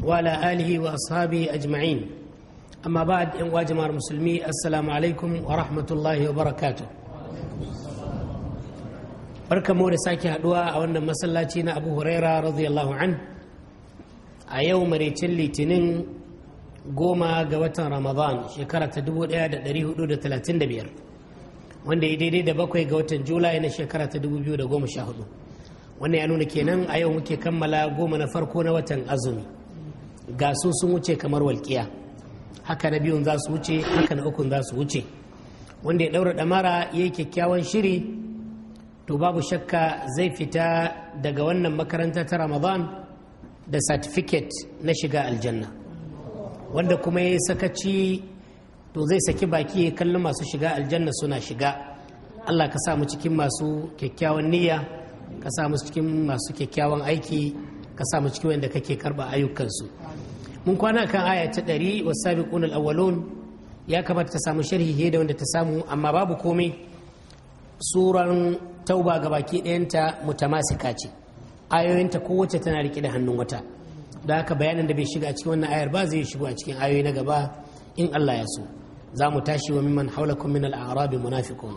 وعلى آله وأصحابه أجمعين أما بعد إن واجمع المسلمين السلام عليكم ورحمة الله وبركاته بركة barka ساكي da sake haduwa a أبو هريرة رضي الله عنه أيوم an تنين قوما maraicin رمضان شكرة تدبو إعادة دريه دودة ta دبير wanda ya daidai da bakwai ga watan julai na shekara ta 2014 wannan ya nuna kenan a yau muke kammala goma na farko na watan azumi ga su sun wuce kamar walƙiya haka na biyun za su wuce haka na ukun za su wuce wanda ya ɗaura ɗamara ya yi kyakkyawan shiri to babu shakka zai fita daga wannan makaranta ta ramadan da certificate na shiga aljanna wanda kuma ya yi sakaci to zai saki baki ya kalli masu shiga aljanna suna shiga allah ka samu cikin masu kyakkyawan niyya ka samu cikin masu kyakkyawan aiki ka samu cikin wanda kake karba ayyukansu mun kwana kan aya ta ɗari wa sabi ƙunar awalon ya kamata ta samu sharhi da wanda ta samu amma babu komai suran tauba ga baki ɗayanta mutamasika ce ayoyinta kowace tana riƙe da hannun wata da haka bayanin da bai shiga a cikin wannan ayar ba zai shigo a cikin ayoyi na gaba in Allah ya so za mu tashi wa mimman haulakum min al'arabi arabi munafiqun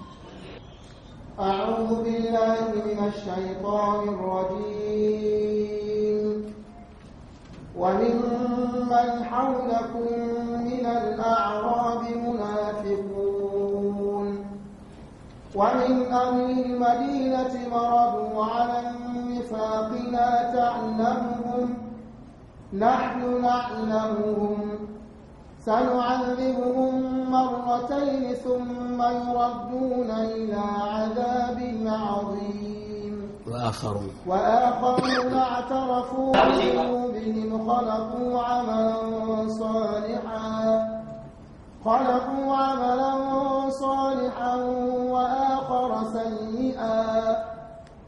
أعوذ بالله من الشيطان الرجيم وممن حولكم من الأعراب منافقون ومن أهل المدينة مرضوا على النفاق لا تعلمهم نحن نعلمهم سنعذبهم مرتين ثم يردون إلى عذاب عظيم وآخرون وآخرون اعترفوا بذنوبهم خلقوا عملا صالحا خلقوا عملا صالحا وآخر سيئا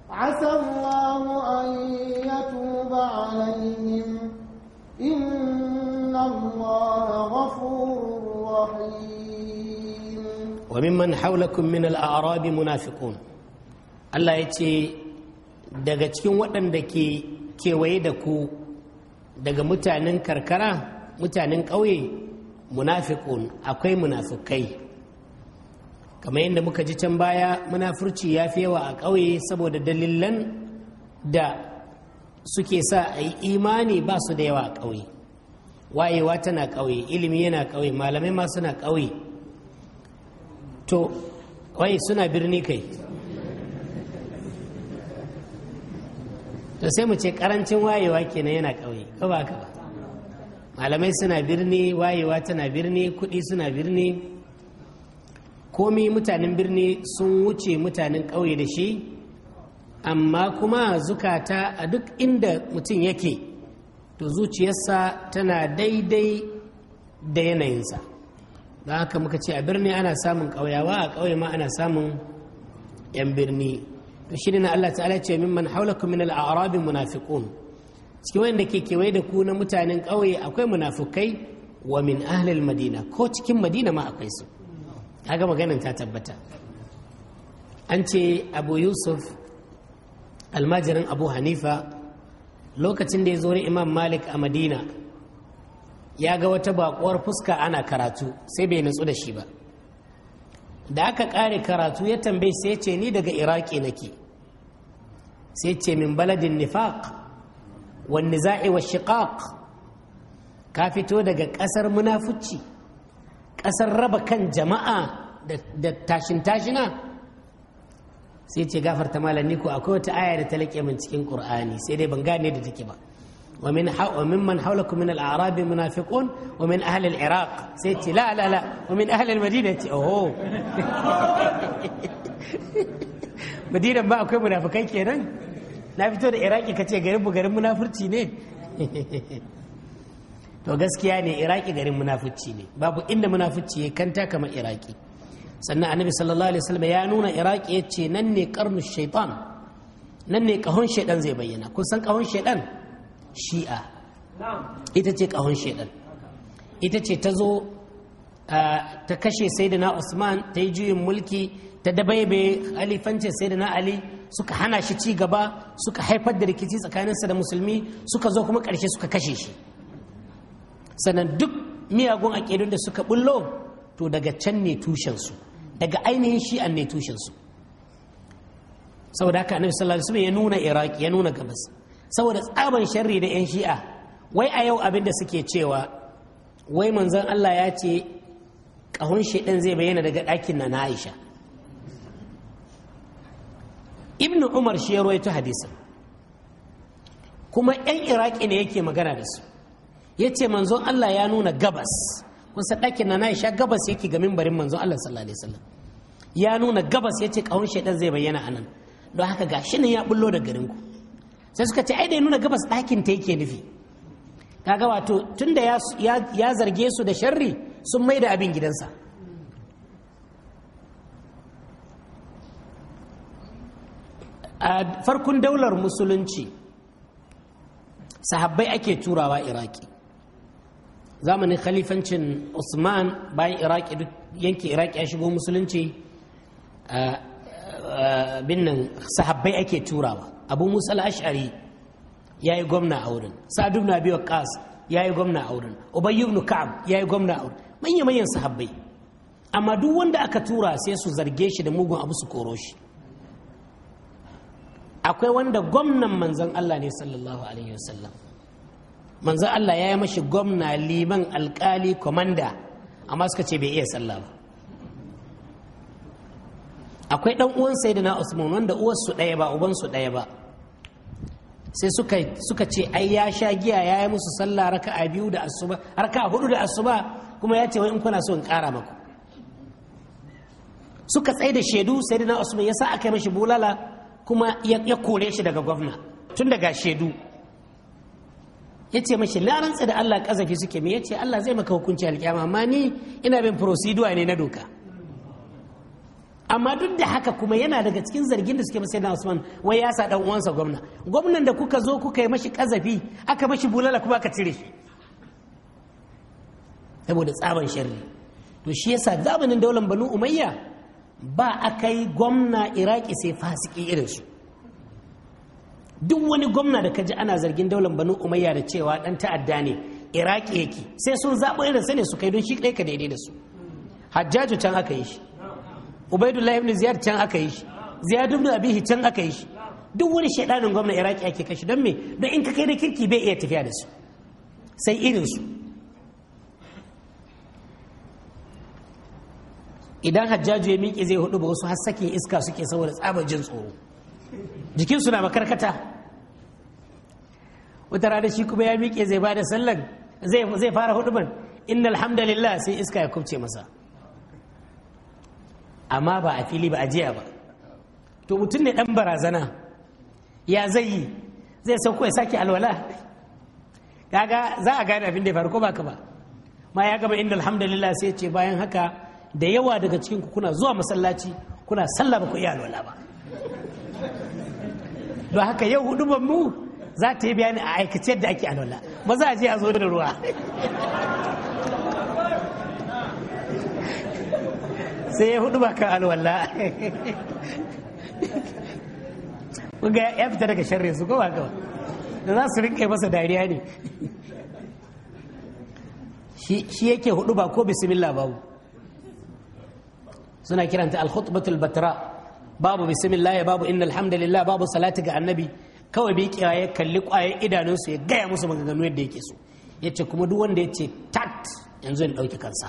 عسى الله أن يتوب عليهم إن الله غفور رحيم وممن حولكم من الأعراب منافقون الله يتي daga cikin waɗanda ke kewaye da ku daga mutanen karkara mutanen ƙauye munafiqun akwai munafukai kamar yadda muka ji can baya munafurci ya fi yawa a ƙauye saboda dalilan da suke sa a yi imani ba su da yawa a ƙauye wayewa tana ƙauye ilimi yana ƙauye malamai ma suna ƙauye to wai suna birni kai to sai mu ce karancin wayewa kenan yana ƙauye ko ba malamai suna birni wayewa tana birni kuɗi suna birni komi mutanen birni sun wuce mutanen ƙauye da shi amma kuma zukata a duk inda mutum yake to zuciyarsa tana daidai da yanayinsa don haka muka ce a birni ana samun ƙauyawa a ƙauye ma ana samun 'yan birni shi ne na Allah ta'ala ce man haula min al munafiqun cikin wanda ke kewaye da ku na mutanen ƙauye akwai munafukai wa min ahli madina ko cikin madina ma akwai su kaga maganar ta tabbata an ce abu yusuf almajirin abu hanifa lokacin da ya zo imam malik a madina ya ga wata bakuwar fuska ana karatu sai bai nutsu da shi ba da aka ƙare karatu ya tambayi sai ce ni daga iraki nake sai ce min baladin nifaq wani za'i wa shiqaq ka fito daga ƙasar munafuci ƙasar raba kan jama'a da tashin tashina sai ce gafarta malam ni ko akwai wata aya da ta laƙe min cikin ƙur'ani sai dai ban gane da take ba ومن حو... ومن حولكم من الأعراب منافقون ومن أهل العراق سيتي لا لا لا ومن أهل المدينة أوه مدينة ما أكون منافقين في نافتون العراقي كتير قريب وقريب منافرتين تو غسكي يعني العراقي قريب منافرتين بابو إن منافرتي كنتا كما العراقي سنة النبي صلى الله عليه وسلم يانون العراقي يتي نني قرن الشيطان نني كهون شيطان زي بينا كل سنة كهون شيطان shi'a ita ce ƙahon shaidan ita ce ta zo ta kashe sayyidina usman ta yi juyin mulki ta dabaibe khalifancin na ali suka hana shi ci gaba suka haifar da rikici tsakaninsa da musulmi suka zo kuma ƙarshe suka kashe shi sannan duk miyagun aƙidun da suka bullo to daga can ne tushensu daga ainihin shi'an ne tushensu saboda haka annabi sallallahu alaihi wasallam ya nuna iraki ya nuna gabas saboda tsaban sharri da 'yan shi'a wai a yau abin da suke cewa wai manzon Allah ya ce ƙahun shaidan zai bayyana daga ɗakin na na Aisha ibn Umar shi ya rawaito hadisin kuma 'yan Iraki ne yake magana da su ya ce manzon Allah ya nuna gabas kun ɗakin na na Aisha gabas yake ga mimbarin manzon Allah sallallahu alaihi wasallam ya nuna gabas ya ce ƙahun shaidan zai bayyana anan don haka ga shi ne ya bullo da garinku sai suka ce ai da nuna gabas ɗakin ta yake nufi kaga wato da ya zarge su da sharri sun mai da abin gidansa a farkon daular musulunci sahabbai ake turawa iraki zamanin khalifancin usman bayan iraki duk yanki iraki ya shigo musulunci binnan sahabbai ake turawa abu musa al'ashari ya yi gwamna a wurin Sadu na biyu Kas ya yi gwamna a wurin ubay ibn ka'ab yi gwamna a wurin manya manyan sahabbai amma duk wanda aka tura sai su zarge shi da mugun abu su koro shi akwai wanda gwamnan manzon Allah ne sallallahu alaihi wasallam manzon Allah ya yi mashi gwamna liman alkali komanda amma suka ce bai iya sallah ba akwai dan uwan sayyidina Usman wanda uwarsu ɗaya ba su ɗaya ba sai suka ce ai ya sha giya ya yi musu sallah raka a biyu da asuba a hudu da asuba kuma ya ce wai in kuna so in kara maku suka tsaye da shaidu sai na usman ya sa aka yi mashi bulala kuma ya kore shi daga gwamna tun daga shaidu ya ce mashi larantsa da Allah kazafi suke me ya ce Allah zai maka hukunci alƙiyama amma ni ina bin prosidua ne na doka amma duk da haka kuma yana daga cikin zargin da suke masai na Usman wai ya sa dan uwansa gwamna gwamnan da kuka zo kuka yi mashi kazafi aka mashi bulala kuma aka cire shi saboda tsaban sharri to shi yasa zamanin daular banu umayya ba a kai gwamna iraki sai fasiki irin su duk wani gwamna da kaji ana zargin daular banu umayya da cewa dan ta'adda ne iraki yake sai sun zaɓo irin sa ne su kai don shi kai ka daidai da su hajjaju can aka yi shi ubaidullahi ibn ziyad can aka yi shi ziyad ibn abihi can aka yi shi duk wani shaidanin gwamnan iraki ake kashi don me don in ka kai da kirki bai iya tafiya da su sai irin su idan hajjaju ya miƙe zai hudu ba wasu hassake iska suke saboda tsabar jin tsoro jikinsu na makarkata wata rana shi kuma ya miƙe zai ba da sallan zai fara hudu ban innal hamdalillah sai iska ya kubce masa amma ba a fili ba a jiya ba to mutum ne ɗan barazana ya zai yi zai sauko ya sake alwala kaga za a gane abin da ya faru ko baka ba ma ya gama inda alhamdulillah sai ce bayan haka da yawa daga cikin ku kuna zuwa masallaci kuna sallah ba ku iya alwala ba don haka yau hudubar mu za ta yi bayani a aikace yadda ake alwala maza a je a zo da ruwa sai ya hudu baka alwala ga ya fita daga sharri su kowa gawa da za su rinka masa dariya ne shi yake hudu ba ko bismillah babu suna kiranta al-khutbatul batra babu bismillah babu innal hamdalillah babu salati ga annabi kawai bi kiyawa ya kalli kwaye idanunsu ya gaya musu maganganu yadda yake so ce kuma duk wanda yace tat yanzu in dauki kansa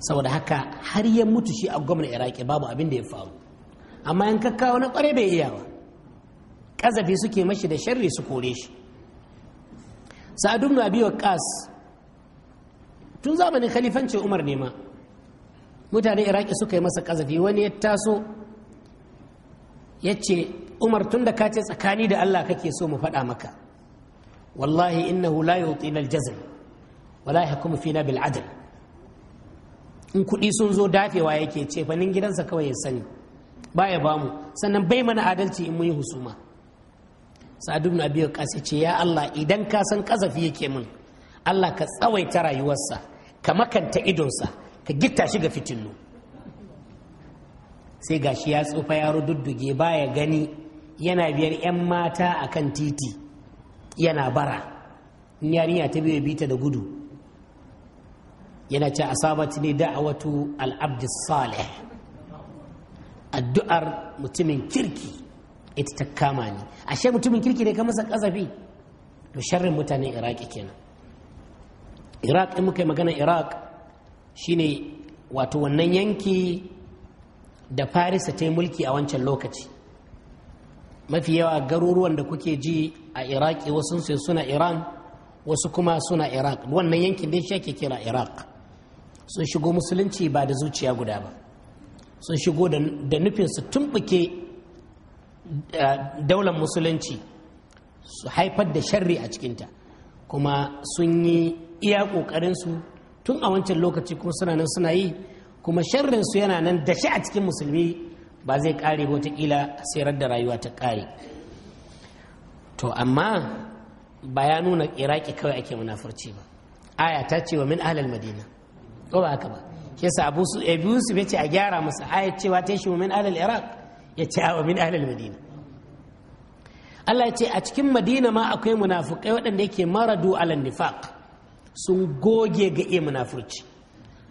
saboda haka har ya mutu shi a gwamnan iraki babu abin da ya faru amma yan kakkawa na kware bai iyawa kazafi suke mashi da sharri su kore shi sa'ad ibn abi tun zamanin khalifanci umar ne ma mutanen iraki suka yi masa kazafi wani ya taso ya ce umar tun da ka ce tsakani da allah kake so mu faɗa maka wallahi innahu la yuti lal jazm wala yahkumu fina bil adl in kuɗi sun zo dafewa yake ce fanin gidansa kawai ya sani ba ya bamu sannan bai mana adalci in muyi husuma sa'ad ibn abi waqas ce ya Allah idan ka san kazafi yake mun Allah ka tsawaita rayuwarsa ka makanta idonsa ka gitta shi ga fitinmu. sai gashi ya tsufa ya rududduge baya gani yana biyar 'yan mata akan titi yana bara in yarinya ta biyu bita da gudu yana ce asabat ne da'awatu al-abd salih addu'ar mutumin kirki ita ta kama ni ashe mutumin kirki ne ka masa kazafi to sharrin mutanen iraki kenan iraq in muka yi magana iraq shine wato wannan yanki da farisa ta yi mulki a wancan lokaci mafi yawa garuruwan da kuke ji a iraki wasu suna iran wasu kuma suna iraq wannan yankin dai shi ake kira iraq sun shigo musulunci ba da zuciya guda ba sun shigo da nufin su tumbuke eh, daular musulunci su haifar da sharri a cikinta kuma sun yi iya ƙoƙarinsu tun a wancan lokaci kuma suna nan suna yi kuma sharrinsu yana nan da shi a cikin musulmi ba zai ƙare watakila sayar da rayuwa ta ƙare to amma ba ya nuna iraki kawai ake munafurci ba aya ta ce wa min ahlal madina ko ba haka ba shi yasa abu su abu eh, su a gyara masa ayat cewa ta shi min alal iraq ya ce a min alal madina Allah ya ce a cikin madina ma akwai munafukai waɗanda yake maradu alal nifaq sun goge ga iya munafurci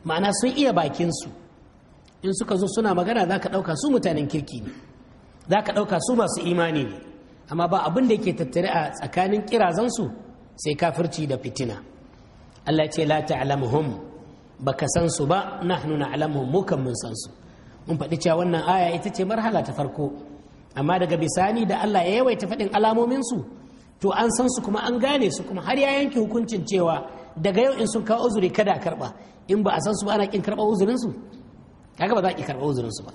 ma'ana sun iya bakin su in suka zo suna magana zaka ɗauka su mutanen kirki ne zaka ɗauka su masu imani ne amma ba abin da yake tattare a tsakanin kirazansu sai kafirci da fitina Allah ce la ta'lamuhum baka san su ba nahnu na'lamu mu kan mun san su mun faɗi cewa wannan aya ita ce marhala ta farko amma daga bisani da Allah ya yawaita faɗin alamomin su to an san su kuma an gane su kuma har ya yanke hukuncin cewa daga yau in sun kawo uzuri kada a karɓa in ba a san su ba ana kin karɓa uzurin su kaga ba za ki karɓa uzurin su ba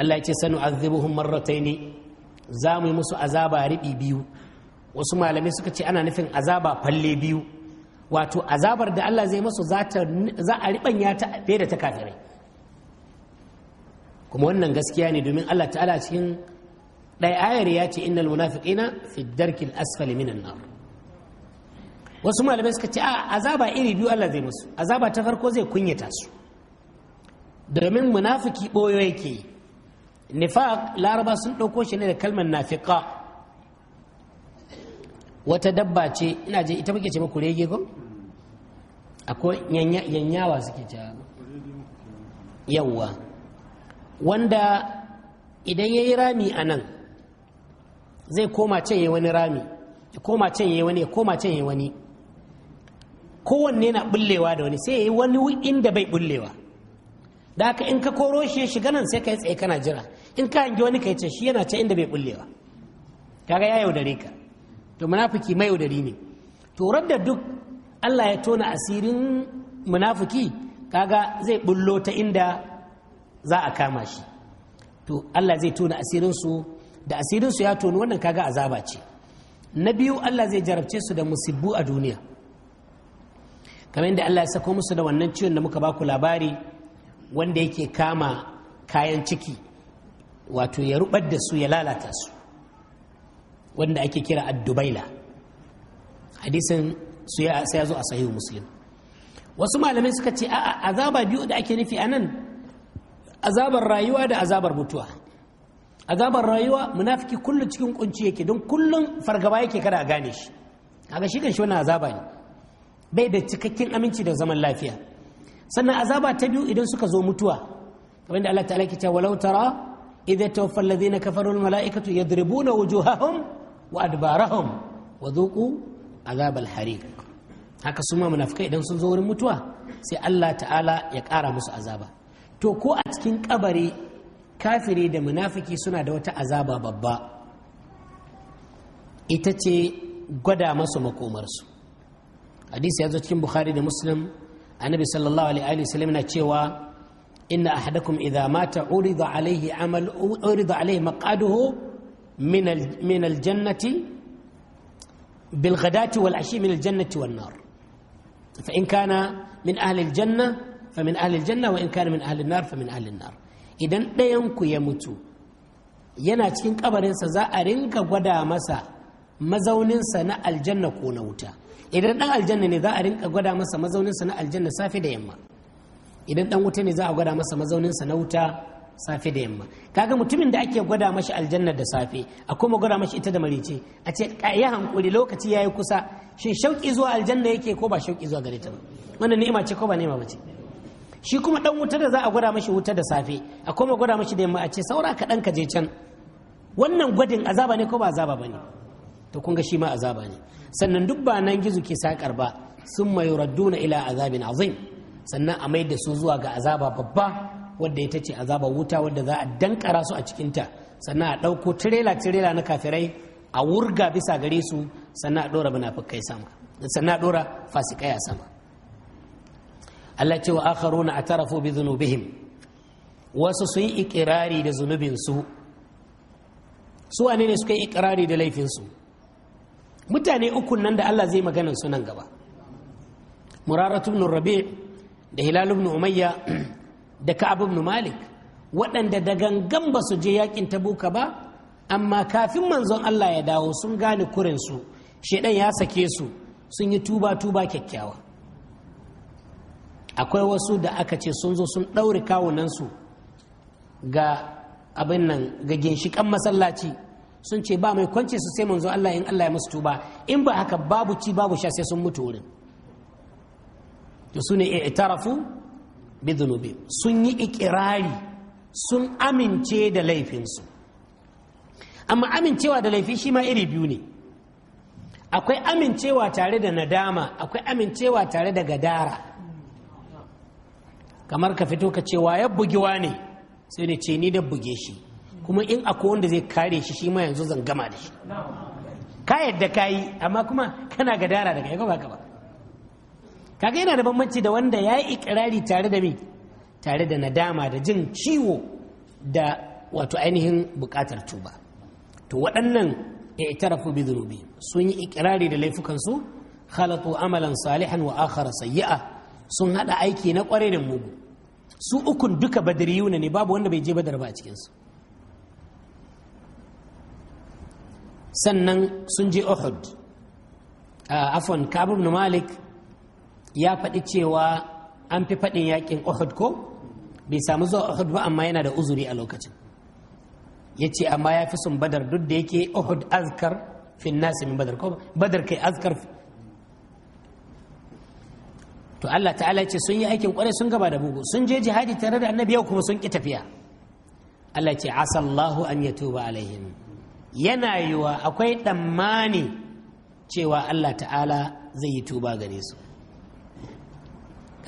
Allah ya ce sanu azibuhum marrataini za mu yi musu azaba riɓi biyu wasu malamai suka ce ana nufin azaba falle biyu wato azabar da Allah zai masu za a riɓanya ta fiye da ta kafirai kuma wannan gaskiya ne domin Allah ta'ala cikin ɗaya ayar ya ce innal na fi darkil asfali minan nar wasu malamai suka ce a azaba iri biyu Allah zai masu azaba ta farko zai kunyata su domin munafiki boyo yake nifaq laraba sun ɗauko shi ne da kalmar nafiqa wata dabba ce ina je ita muke ce muku rege ko akwai yanyawa suke jawo yawwa wanda idan ya yi rami a nan zai koma can wani rami ya koma can yi wani ya koma can wani kowanne na bullewa da wani sai ya yi wani inda bai bullewa da haka in ka koro shi ya shiga nan sai ka yi tsaye kana jira in ka hangi wani ka yi can shi yana can inda bai bullewa kaga ya yaudare ka to munafiki mai yaudari ne to da duk Allah ya tona asirin munafuki kaga zai bullo ta inda za a kama shi to Allah zai tona asirinsu da asirinsu ya tona wannan kaga azaba ce na biyu Allah zai jarabce su da musibbu a duniya kamar yadda Allah ya sako musu da wannan ciwon da muka baku labari wanda yake kama kayan ciki wato ya rubar da su ya lalata su wanda ake kira addubaila hadisin su ya zo a sahihu muslim wasu malamai suka ce a'a azaba biyu da ake nufi anan azabar rayuwa da azabar mutuwa azabar rayuwa munafiki kullum cikin kunci yake don kullum fargaba yake kada a gane shi kaga shi kan shi wannan azaba ne bai da cikakken aminci da zaman lafiya sannan azaba ta biyu idan suka zo mutuwa kamar da Allah ta'ala ke cewa walau tara idza tawaffa alladhina kafaru al mala'ikatu yadribuna wujuhahum wa adbarahum wa dhuqu azabal hariq haka su ma munafikai idan sun zo wurin mutuwa sai Allah ta'ala ya ƙara musu azaba to ko a cikin kabari kafiri da munafiki suna da wata azaba babba ita ce gwada masu makomarsu hadisi ya zo cikin bukhari da muslim annabi sallallahu alaihi sallam na cewa inna ahadakum idza mata urida alaihi amal urida alaihi maqaduhu min al min al jannati bil ghadati wal ashi min al jannati wan nar فإن كان من أهل الجنة فمن أهل الجنة وإن كان من أهل النار فمن أهل النار إذن ɗayanku ya mutu yana cikin kabarinsa za a rinka gwada masa mazauninsa na aljanna ko na wuta idan ɗan aljanna ne za a rinka gwada masa mazauninsa na aljanna safe da yamma idan ɗan wuta ne za a gwada masa mazauninsa na wuta safe da yamma kaga mutumin da ake gwada mashi aljanna da safe a kuma gwada mashi ita da marice a ce ya hankuri lokaci ya yi kusa shin shauki zuwa aljanna yake ko ba shauki zuwa gare ta ba wanda ni'ima ce ko ba ni'ima bace shi kuma dan wuta da za a gwada mashi wuta da safe a kuma gwada mashi da yamma a ce saura ka dan ka je can wannan gwadin azaba ne ko ba azaba bane to kun ga shi ma azaba ne sannan duk ba nan gizo ke sakar ba sun mayuradduna ila azabin azim sannan a mai da su zuwa ga azaba babba wadda ita ce azabar wuta wadda za a dankara su a cikinta sannan a ɗauko tirela tirela na kafirai a wurga bisa gare su sannan a ɗora munafikai sama sannan a ɗora fasikai a sama Allah ce wa a atarafu bi zunubihim wasu sun yi ikirari da zunubinsu su wane ne suka yi ikirari da laifinsu mutane uku nan da Allah zai maganin su nan gaba muraratu ibn rabi' da hilal ibn umayya da ka'ab ibn malik waɗanda da gangan ba su je yakin tabuka ba amma kafin manzon Allah ya dawo sun gane kurinsu shaidan ya sake su sun yi tuba tuba kyakkyawa akwai wasu da aka ce sun zo sun ɗaure kawunansu ga abin nan ga ginshikan masallaci sun ce ba mai kwance su sai manzon Allah in Allah ya musu tuba in ba haka babu ci babu sha sai sun mutu wurin to su ne i'tarafu bizunubi sun yi ikirari sun amince da laifinsu amma amincewa da laifi shi ma iri biyu ne akwai amincewa tare da nadama akwai amincewa tare da gadara kamar ka fito ka cewa ya bugewa ne sai da ce ni da buge shi kuma in akwai wanda zai kare shi shi ma yanzu zan gama da shi ka yadda ka yi amma kuma kana gadara daga yaga ba ka ba kaga yana da bambanci da wanda ya yi ikirari tare da me tare da nadama da jin ciwo da wato ainihin bukatar tuba to waɗannan i'tarafu bi sun yi ikirari da laifukansu khalatu amalan salihan wa akhara sayyi'a sun hada aiki na kware da mugu su ukun duka badriyuna ne babu wanda bai je badar ba a cikin su sannan sun je uhud ah, afwan kabir malik ya faɗi cewa an fi faɗin yaƙin ohud ko bai samu zuwa ohud ba amma yana da uzuri a lokacin ya ce amma ya fi sun badar duk da yake uhud azkar fin nasi min badar ko badar kai azkar to Allah ta'ala ce sun yi aikin kwarai sun gaba da bugu sun je jihadi tare da annabi yau kuma sun ƙi tafiya Allah ce asallahu an yatuba alaihim yana yiwa akwai tsammani cewa Allah ta'ala zai yi tuba gare su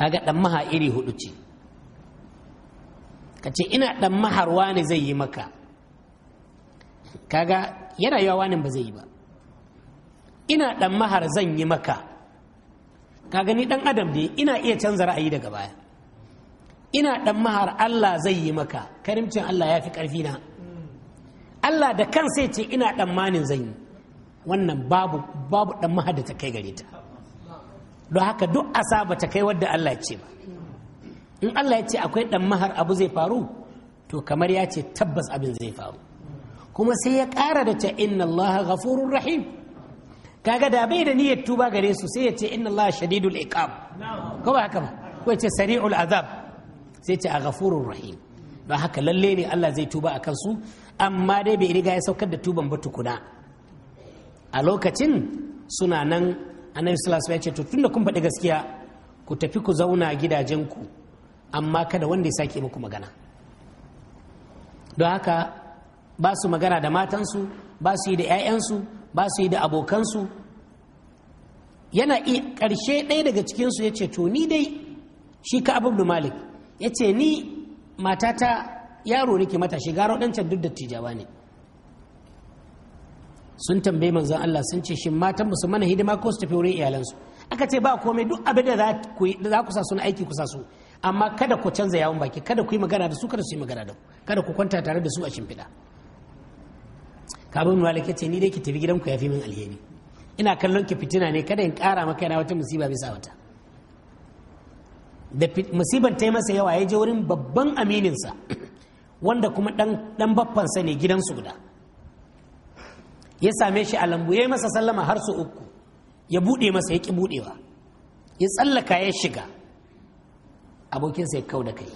kaga dan maha iri hudu ce ka ce ina dan maharwa ne zai yi maka kaga yana yawa wani ba zai yi ba ina dan mahar zan yi maka kaga ni dan adam ne ina iya canza ra'ayi daga baya ina dan mahar Allah zai yi maka karimcin Allah ya fi ƙarfi na Allah da kan sai ce ina dan manin zan yi wannan babu babu dan mahar da ta kai gare ta don haka duk asaba ta kai wadda Allah ya ce ba in Allah ya ce akwai dan mahar abu zai faru to kamar ya ce tabbas abin zai faru kuma sai ya ƙara da ta inna Allah ghafurur rahim kaga da bai da niyyar tuba gare su sai ya ce inna Allah shadidul iqab ko ba haka ba ko ce sari'ul azab sai ce a ghafurur rahim don haka lalle ne Allah zai tuba akan su amma dai bai riga ya saukar da tuban ba tukuna a lokacin suna nan annabi sallallahu ya ce to tunda kun faɗi gaskiya ku tafi ku zauna a gidajenku amma kada wanda ya sake muku magana don haka ba su magana da matansu ba su yi da 'ya'yansu ba su yi da abokansu yana karshe ɗaya daga cikinsu ya ce to ni dai shi ka abubu malik ya ce ni matata yaro nake mata shiga waɗancan duk dattijawa ne sun tambayi manzan Allah sun ce shi matan musu mana hidima ko su tafi wurin iyalansu aka ce ba komai duk abin da za ku sa suna aiki ku sa su amma kada ku canza yawon baki kada ku yi magana da su kada su yi magana da ku kada ku kwanta tare da su a shimfiɗa kabin malik ya ce ni dai ki tafi gidanku ya fi min alheri ina kallon ki fitina ne kada in ƙara maka yana wata musiba bisa wata da musiban ta yi masa yawa ya je wurin babban amininsa wanda kuma ɗan baffansa ne gidansu guda ya same shi a lambu ya yi masa sallama har su uku ya buɗe masa ya ƙi buɗewa ya tsallaka ya shiga abokinsa ya kau da kai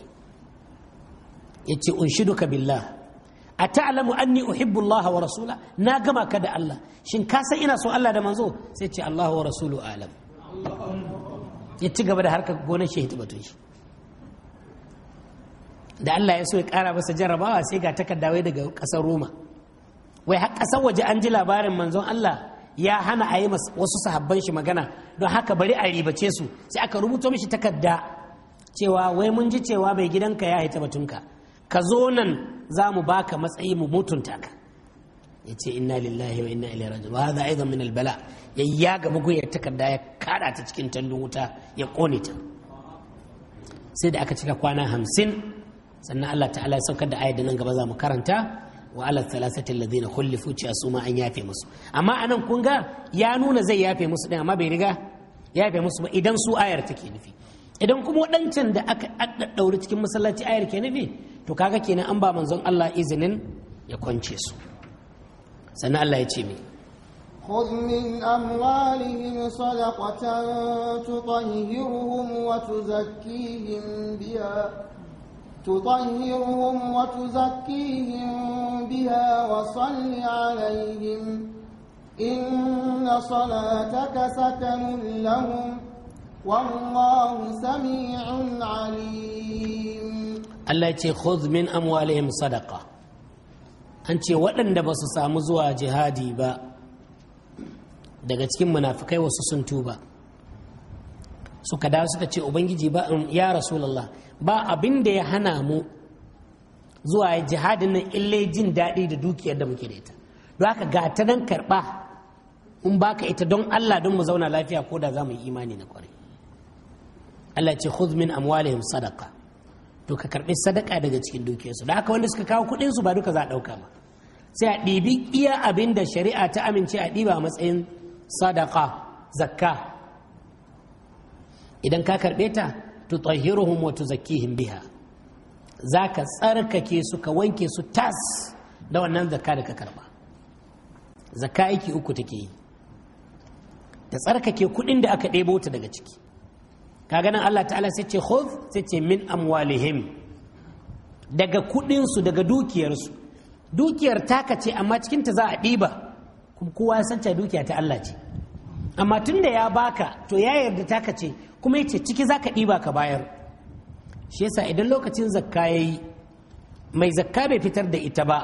ya ce ka billah a ta'alamu anni uhibbu Allah wa rasula na gama ka da Allah shin ka san ina so Allah da manzo sai ce Allah wa rasulu alam ya ci gaba da harkar gonar shi hita batun shi da Allah ya so ya kara masa jarrabawa sai ga takardawai daga ƙasar Roma wai har ƙasar waje an ji labarin manzon Allah ya hana a yi wasu sahabban shi magana don haka bari a ribace su sai aka rubuto mishi takarda cewa wai mun ji cewa mai gidanka ya haita batunka ka zo nan za mu baka matsayi mu mutunta ka yace inna lillahi wa inna ilaihi raji'un wa hadha aidan min albala ya yaga buguyar takarda ya kada ta cikin tandun wuta ya kone ta sai da aka cika kwana hamsin sannan Allah ta'ala ya saukar da ayat da nan gaba za mu karanta wa ala thalathati alladhina khulifu su ma an yafe musu amma anan kun ga ya nuna zai yafe musu din amma bai riga yafe musu ba idan su ayar take nufi idan kuma waɗancan da aka ɗaɗɗaure cikin masallaci ayar ke nufi to kaga kenan an ba manzon Allah izinin ya kwance su sannan Allah ya ce mai خذ من أموالهم صدقة تطهرهم وتزكيهم بها تطهرهم وتزكيهم بها وصل عليهم إن صلاتك سكن لهم والله سميع عليم Allah ya ce khudh min amwalihim sadaqa an ce waɗanda ba su samu zuwa jihadi ba daga cikin munafikai wasu sun tuba suka dawo suka ce ubangiji ba ya rasulullah ba abin da ya hana mu zuwa jihadin nan illai jin daɗi da dukiyar da muke da ita don haka ga ta nan karɓa in baka ita don Allah don mu zauna lafiya ko da za mu yi imani na kwarai Allah ce khudh min amwalihim sadaqa to ka karɓi sadaka daga cikin dukiyarsu don haka wanda suka kawo kuɗin su ba duka za a ɗauka ba sai a ɗibi iya abin da shari'a ta amince a ɗiba matsayin sadaka zakka idan ka karɓe ta tutahhiruhum wa tuzakkihim biha zaka tsarkake su ka wanke su tas da wannan zakka da ka karba zakka aiki uku take yi ta tsarkake kudin da aka ɗebo ta daga ciki kaga nan Allah ta'ala sai ce khudh sai ce min amwalihim daga kudin su daga dukiyarsu. dukiyar taka ce amma cikin ta za a ɗiba kuma kowa ya san ta dukiya ta Allah ce amma tunda ya baka to ya yarda taka ce kuma ya ce ciki za ka ɗiba ka bayar shi yasa idan lokacin zakka ya yi mai zakka bai fitar da ita ba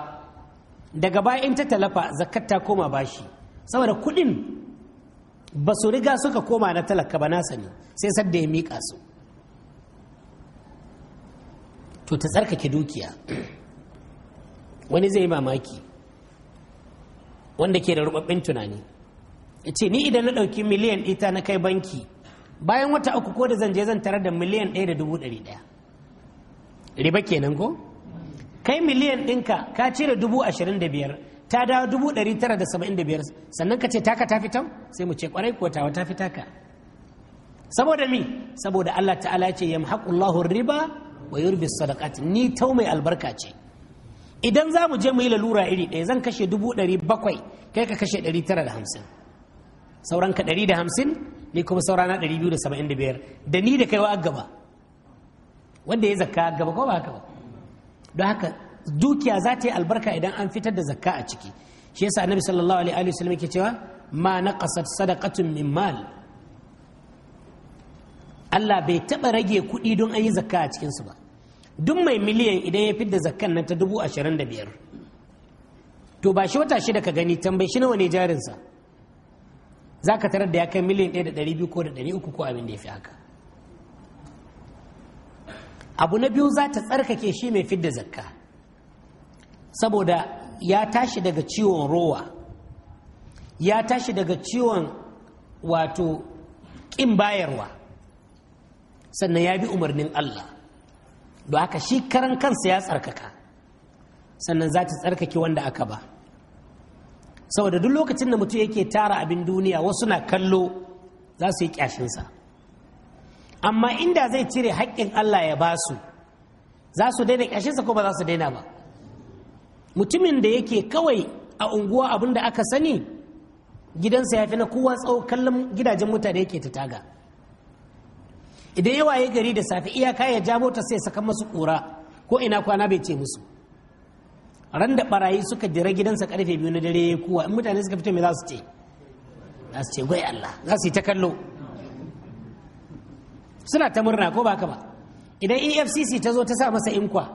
daga baya in ta talafa zakkar ta koma bashi saboda kuɗin ba su riga suka koma na talaka ba nasa ne sai sadda ya miƙa su to ta tsarkake dukiya wani zai mamaki wanda ke da rubabbin tunani ya ce ni idan na ɗauki miliyan ita na kai banki bayan wata uku ko da zan je zan tarar da miliyan ɗaya da dubu ɗari ɗaya riba kenan ko kai miliyan ɗinka ka cire dubu ashirin da biyar ta dawo dubu ɗari tara da saba'in da biyar sannan ka ce taka ta fitan sai mu ce kwarai ko tawa ta fita ka saboda mi saboda Allah ta'ala ya ce yam yamhaqullahu riba wa yurbi sadaqat ni tau mai albarka ce idan za mu je mu yi lalura iri ɗaya zan kashe dubu ɗari bakwai kai ka kashe ɗari tara da hamsin sauran ka ɗari da hamsin ni kuma saurana 275 da ni da kai wa gaba wanda ya zakka gaba ko ba haka ba don haka dukiya za ta yi albarka idan an fitar da zakka a ciki shi yasa annabi sallallahu alaihi wa sallam yake cewa ma naqasat sadaqatun min mal Allah bai taba rage kuɗi don an yi zakka a cikin su ba duk mai miliyan idan ya fitar da zakkan nan ta dubu ashirin da biyar to ba shi wata shida ka gani tambayi shi nawa ne jarinsa za ka tarar da ya kai miliyan ɗaya da ko da ɗari ko abin da ya fi haka abu na biyu za ta tsarkake shi mai fidda zakka saboda ya tashi daga ciwon rowa ya tashi daga ciwon wato ƙin bayarwa sannan ya bi umarnin Allah da haka shi karan kansa ya tsarkaka sannan za ta tsarkake wanda aka ba saboda duk lokacin da mutum yake tara abin duniya wasu na kallo za su yi kyashinsa amma inda zai cire haƙƙin Allah ya ba su za su daina kyashinsa ko ba za su daina ba mutumin da yake kawai a unguwa abin da aka sani gidansa ya fi na kowa tsawo kallon gidajen mutane yake ta taga idan yawa ya gari da safe iyaka ya ja ta sai saka masu kura ko ina kwana bai ce musu ran da barayi suka jira gidansa karfe biyu na dare kuwa in mutane suka fito me za su ce za su ce gwai Allah za su yi ta kallo suna ta murna ko ba ka ba idan efcc ta zo ta sa masa inkwa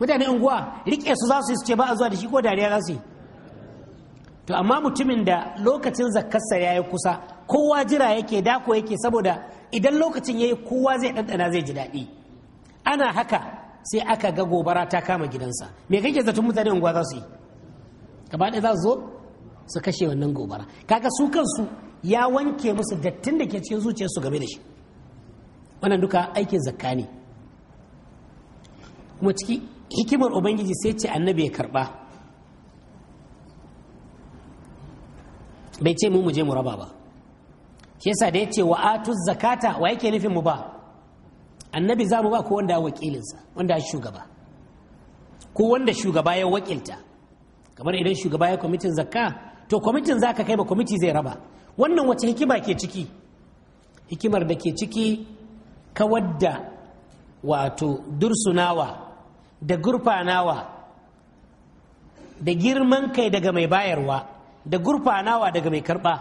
mutane unguwa rike su za su yi su ce ba a zuwa da shi ko dariya za su yi to amma mutumin da lokacin zakkarsa ya yi kusa kowa jira yake dako yake saboda idan lokacin ya yi kowa zai ɗanɗana zai ji daɗi ana haka sai aka ga gobara ta kama gidansa me kake zaton mutane unguwa za su yi gaba ɗaya za su zo su kashe wannan gobara kaga su kansu ya wanke musu dattin da ke cikin zuciyarsu game da shi wannan duka aikin zakka ne kuma ciki hikimar ubangiji sai ce annabi ya karba bai ce mu mu je mu raba ba shi yasa da ya ce wa atu zakata wa yake nufin mu ba annabi za mu ba ko wanda wakilinsa wanda shugaba ko wanda shugaba ya wakilta kamar idan shugaba ya kwamitin zakka to kwamitin za ka kai ba kwamiti zai raba wannan wace hikima ke ciki hikimar da ke ciki kawar da wato dursunawa da gurfanawa da girman kai daga mai bayarwa da gurfanawa daga mai karba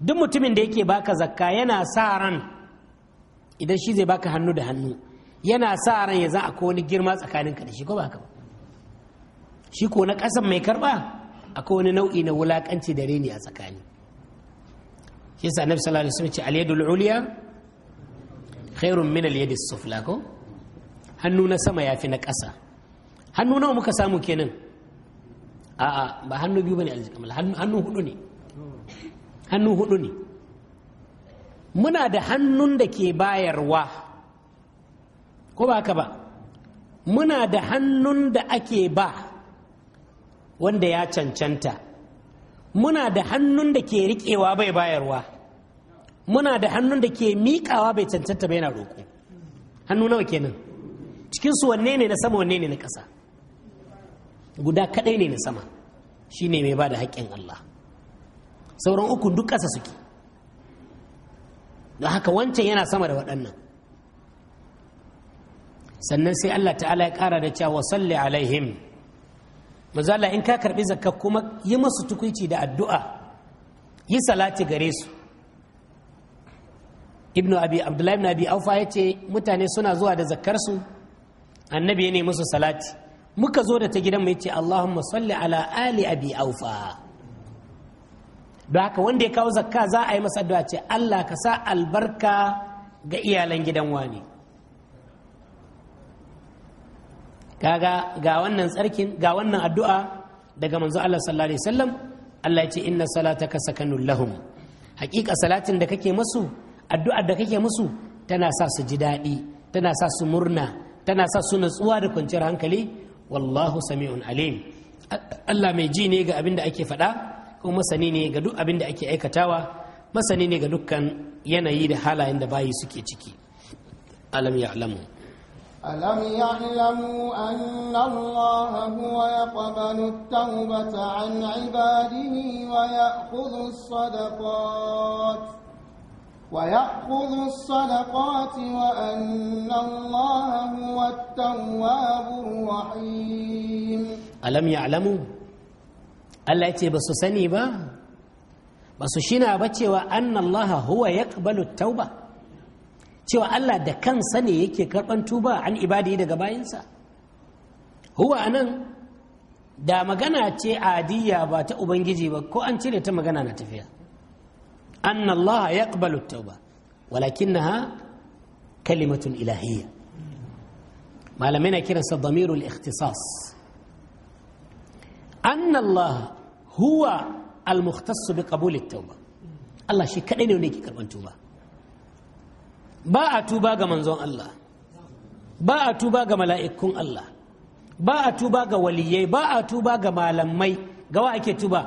duk mutumin da yake baka zakka yana sa ran idan shi zai baka hannu da hannu yana sa ran ya za a ko wani girma tsakaninka da shi ko ba ka ba shi ko na ƙasan mai karɓa akwai wani nau'i na wulaƙanci da reni a tsakani shi sa na sallallahu alaihi wasallam ce al uliya khairun min al sufla ko hannu na sama yafi na ƙasa hannu nawa muka samu kenan a'a ba hannu biyu bane aljimal hannu hudu ne hannu hudu ne muna da hannun da ke bayarwa ko ba ka ba muna da hannun da ake ba wanda ya cancanta muna da hannun da ke riƙewa bai bayarwa muna da hannun da ke miƙawa bai cancanta bai na roƙo hannu nawa kenan cikinsu wanne ne na sama wanne ne na ƙasa guda kaɗai ne na sama shi ne mai ba da haƙƙin Allah sauran uku duk ƙasa suke don haka wancan yana sama da waɗannan sannan sai Allah ta'ala ya ƙara da cewa salli alaihim mazala in ka karɓi zakka kuma yi masu tukuici da addu'a yi salati gare su ibnu abi abdullahi ibn abi aufa ya ce mutane suna zuwa da zakkarsu annabi ya ne musu salati muka zo da ta gidan mai ce allahumma salli ala ali abi aufa don haka wanda ya kawo zakka za a yi masa addu'a ce Allah ka sa albarka ga iyalan gidan wani kaga ga wannan tsarkin ga wannan addu'a daga manzo Allah sallallahu alaihi wasallam Allah ya ce inna salataka sakanul lahum hakika salatin da kake musu addu'a da kake musu tana sa su ji daɗi tana sa su murna tana sa su nutsuwa da kwanciyar hankali wallahu sami'un alim Allah mai ji ne ga abin da ake faɗa ko masani ne ga duk abin da ake aikatawa masani ne ga dukkan yanayi da halayen da bayi suke ciki alam ya alamu alam ya alamu an Allah huwa ya kwabalu taubata an ibadihi wa ya kudu sadakot wa ya kudu sadakot wa an Allah huwa tawabu rahim alam ya alamu Allah ya ce ba su sani ba ba su shina ba cewa annallaha huwa yaqbalu tauba cewa Allah da kansa ne yake karɓan tuba an ibadi daga bayansa huwa anan da magana ce adiyya ba ta ubangiji ba ko an cire ta magana na tafiya annallaha yaqbalu tauba walakinnaha kalimatun ilahiyya malamai na kiransa damirul ikhtisas anna huwa al-mukhtassu bi qabul at-tauba Allah shi kadai ne yake karban tuba ba tuba ga manzon Allah ba a tuba ga mala'ikun Allah ba a tuba ga waliyyai. ba a tuba ga malamai gawa ake tuba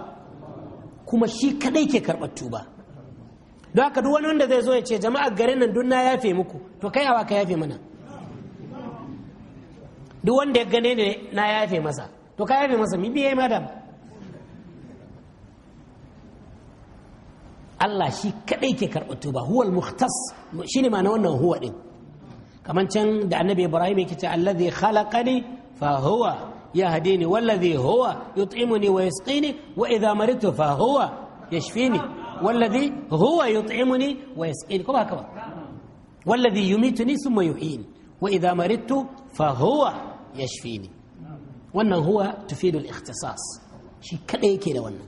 kuma shi kadai ke karɓar tuba don haka duk wanda zai zo ya ce jama'ar garin nan duk na yafe muku to kai awa ka yafe mana duk wanda ya gane na yafe masa to ka yafe masa mi biye madam Allah shi kadai ke karɓar tuba huwa huwal muhtas shine ma'ana wannan huwa din kaman can da annabi ibrahim yake ce allazi khalaqani fa huwa yahdini wallazi huwa yut'imuni wa yasqini wa idha maritu fa huwa yashfini wallazi huwa yut'imuni wa yasqini kuma haka ba wallazi yumituni thumma yuhyini wa idha maritu fa huwa yashfini wannan huwa tufidul ikhtisas shi kadai yake da wannan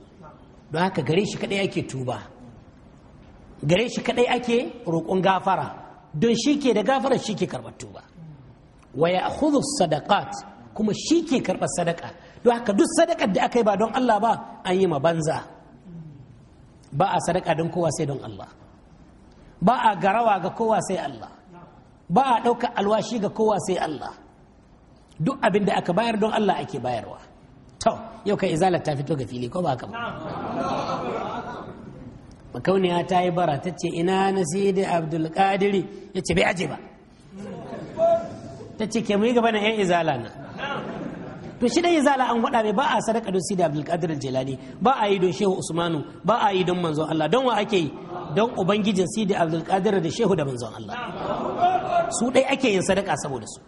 don haka gare shi kadai ake tuba gare shi kadai ake roƙon gafara don shi ke da gafara shi ke karɓar tuba wa ya sadaqat kuma shi ke karɓar sadaka don haka duk sadakar da aka yi ba don Allah ba an yi ma banza ba a sadaka don kowa sai don Allah ba a garawa ga kowa sai Allah ba a ɗauka alwashi ga kowa sai Allah duk abin da aka bayar don Allah ake bayarwa to yau kai izalar ta fito ga fili ko ba ka? ba makauniya ta yi bara ta ce ina na sidi abdul qadiri ya ce bai aje ba ta ce ke muyi gaba na yan izala na to shi dai izala an gwada mai ba a sadaka don sidi abdul qadir jilani ba a yi don shehu usmanu ba a yi don manzon Allah don wa ake yi don ubangijin sidi abdul qadir da shehu da manzon Allah su dai ake yin sadaka saboda su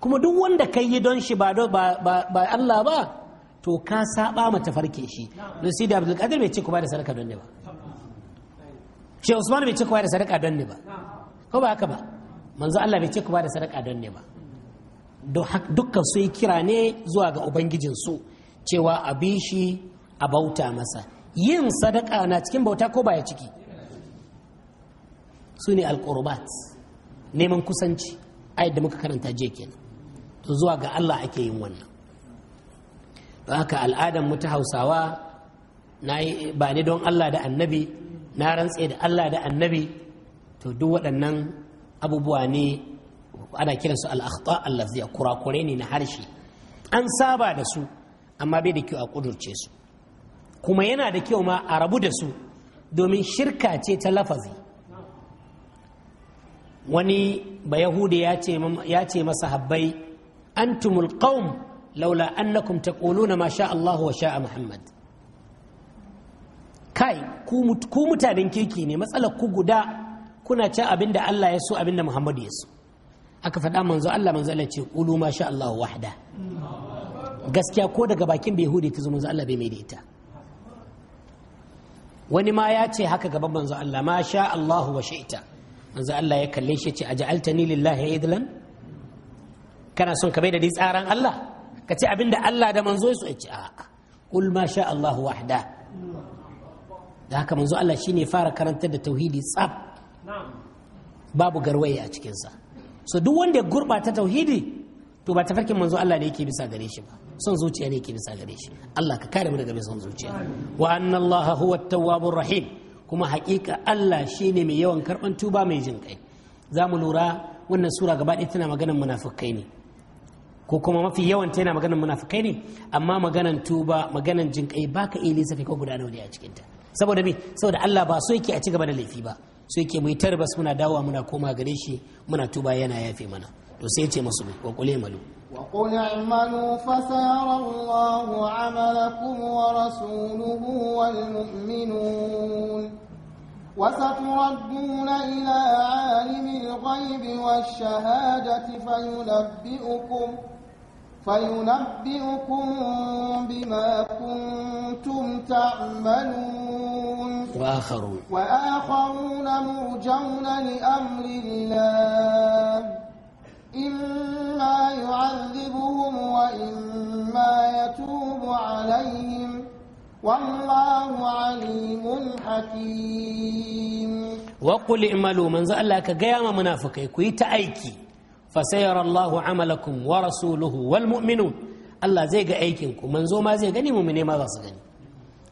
kuma duk wanda ka yi don shi ba Allah ba to ka saba ma tafarke shi don sidi abdulkadir bai ce kuma da sadaka don ne ba shi usman bai ce kuma da sadaka don ne ba ko ba haka ba manzo Allah bai ce kuma da sadaka don ne ba dukkan su yi kira ne zuwa ga ubangijinsu cewa a shi a bauta masa yin sadaka na cikin bauta ko baya ciki su ne alƙurbat neman kusanci ayat da muka karanta jiya kenan to zuwa ga Allah ake yin wannan don haka al'adar mu ta hausawa na ba ni don Allah da annabi na rantse da Allah da annabi to duk waɗannan abubuwa ne ana kiransu al'akhta allaziya kurakure ne na harshe an saba da su amma bai da kyau a ƙudurce su kuma yana da kyau ma a rabu da su domin shirka ce ta lafazi wani ba yahuda ya ce masa habbai أنتم القوم لولا أنكم تقولون ما شاء الله وشاء محمد kai ku mutanen kirki ne matsalar ku guda kuna cin abin da Allah ya so abin da Muhammadu ya so aka faɗa manzo Allah manzo Allah ce qulu ma sha Allah wahda gaskiya ko daga bakin bai hude ta zo manzo Allah bai mai ita wani ma ya ce haka gaban manzo Allah ma sha Allah wa shaita manzo Allah ya kalle shi ce aj'altani lillahi idlan kana son ka bai da tsaran Allah ka ce abinda Allah da manzo su ce a kul ma sha Allah wahda da haka manzo Allah shine fara karantar da tauhidi tsab babu garwaye a cikinsa so duk wanda ya gurɓata tauhidi to ba tafarkin manzo Allah ne yake bisa gare shi ba son zuciya ne yake bisa gare shi Allah ka kare mu daga son zuciya wa anna Allah huwa tawwabur rahim kuma haƙiƙa Allah shine mai yawan karban tuba mai jin kai za mu lura wannan sura gaba ɗaya tana maganar munafukai ne ko kuma mafi yawan tana maganar munafikai ne amma maganan tuba maganar jin kai baka iya lisa kai ko guda nawa ne a cikin ta saboda me saboda Allah ba so yake a ci gaba da laifi ba so yake mu tarbas muna dawowa muna koma gare shi muna tuba yana yafe mana to sai ya ce masu wa qul malu wa qul i'malu fa Allahu 'amalakum wa rasuluhu wal mu'minun وستردون إلى عالم الغيب والشهادة فينبئكم فينبئكم بما كنتم تعملون وآخرون وآخرون مرجون لأمر الله إما يعذبهم وإما يتوب عليهم والله عليم حكيم وقل اعملوا من زال لك قيام منافقك ويتأيكي fa sayara Allahu amalakum wa rasuluhu wal Allah zai ga aikin ku manzo ma zai gani mu'mine ma za su gani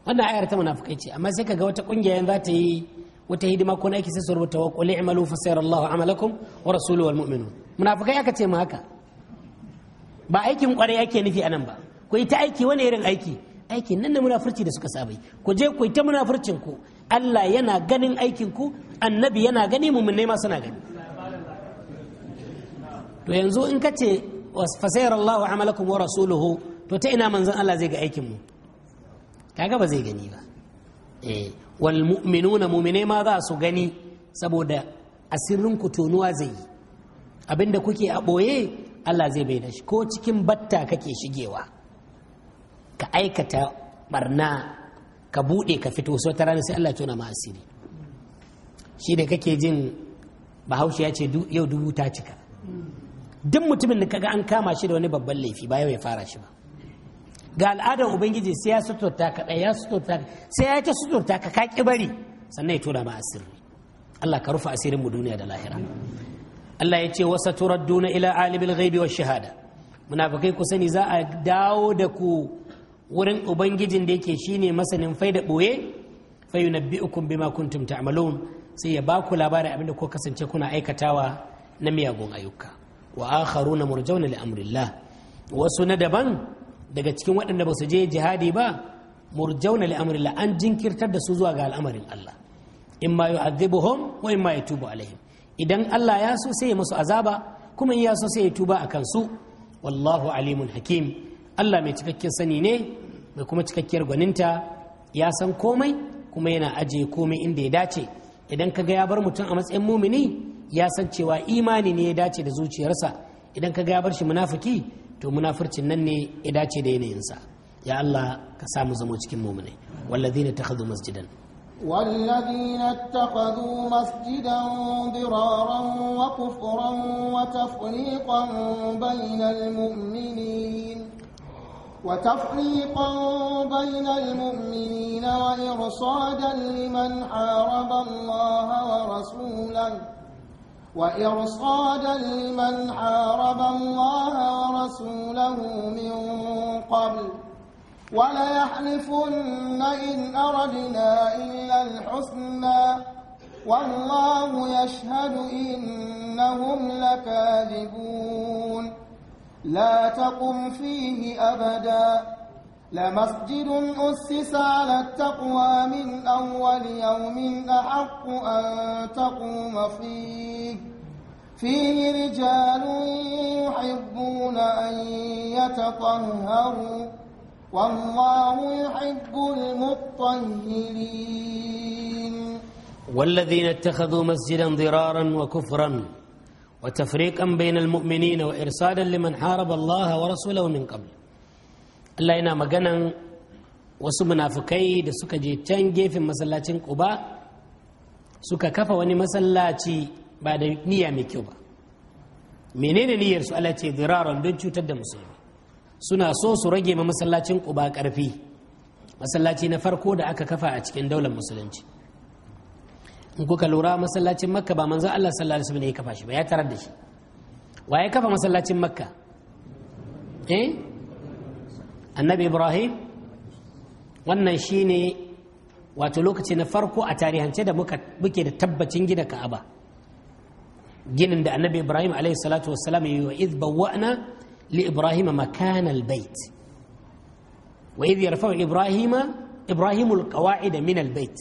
wannan ayar ta munafikai ce amma sai kaga wata kungiya za ta yi wata hidima ko aiki sai su rubuta wa qul i'malu fa sayara Allahu amalakum wa rasuluhu wal mu'minun munafikai aka ce ma haka ba aikin kwarai ake nufi anan ba ku yi ta aiki wani irin aiki aikin nan na munafurci da suka saba ku je ku yi ta munafurcin ku Allah yana ganin aikin ku annabi yana gani mu nema suna gani to yanzu in ka ce fasayar Allahu amalakum wa rasuluhu to ta ina manzon Allah zai ga aikin mu kaga ba zai gani ba eh wal mu'minuna mu'mine ma za su gani saboda asirin ku tonuwa zai yi abinda kuke a boye Allah zai bayyana shi ko cikin batta kake shigewa ka aikata barna ka bude ka fito so ta rana sai Allah tona ma asiri shi da kake jin bahaushe ya ce yau dubu ta cika duk mutumin da kaga an kama shi da wani babban laifi ba bai ya fara shi ba ga al'adar ubangiji sai ya suturta ka ya suturta ka sai ya ta suturta ka ka ki bari sannan ya tura ma asiri Allah ka rufe asirin mu duniya da lahira Allah ya ce wasa turadduna ila alibil ghaibi shahada munafikai ku sani za a dawo da ku wurin ubangijin da yake shine masanin fai da boye fayunabbi'ukum bima kuntum ta'malun sai ya baku labarin abinda ko kasance kuna aikatawa na miyagun ayyuka wa akharuna murjauna li amrillah wasu na daban daga cikin waɗanda ba su je jihadi ba murjauna li amrillah an jinkirtar da su zuwa ga al'amarin Allah in ma yu'adhibuhum wa in ma yatubu alaihim idan Allah ya so sai ya musu azaba kuma in ya so sai ya tuba akan su wallahu alimun hakim Allah mai cikakken sani ne mai kuma cikakkiyar gwaninta ya san komai kuma yana ajiye komai inda ya dace idan ka ga ya bar mutum a matsayin mumini ya san cewa imani ne ya dace da zuciyarsa idan ka gabar shi munafuki to munafircin nan ne ya dace da yanayinsa ya Allah ka samu zama cikin mumune wallazina takhadhu masjidan والذين اتخذوا مسجدا ضرارا وكفرا وتفريقا بين المؤمنين وتفريقا بين المؤمنين وإرصادا لمن حارب الله ورسوله وإرصادا لمن حارب الله ورسوله من قبل وليحلفن إن أردنا إلا الحسنى والله يشهد إنهم لكاذبون لا تقم فيه أبداً لمسجد أسس على التقوى من أول يوم أحق أن تقوم فيه فيه رجال يحبون أن يتطهروا والله يحب المطهرين والذين اتخذوا مسجدا ضرارا وكفرا وتفريقا بين المؤمنين وإرسالا لمن حارب الله ورسوله من قبل Allah yana maganan wasu munafukai da suka je can gefen masallacin Quba suka kafa wani masallaci ba da niyya mai kyau ba menene niyyar su Allah ce ziraron don cutar da musulmi suna so su rage ma masallacin Quba ƙarfi masallaci na farko da aka kafa a cikin daular musulunci in kuka lura masallacin makka ba manzo Allah sallallahu alaihi wasallam ne ya kafa shi ba ya tarar da shi wa ya kafa masallacin makka eh annabi ibrahim wannan shine wato lokaci na farko a tarihance da muke da tabbacin gina ka'aba ginin da annabi ibrahim alaihi salatu wassalam ya yi wa idh bawwa'na li ibrahim makana albayt wa idh yarfa'u ibrahim ibrahim alqawa'id min albayt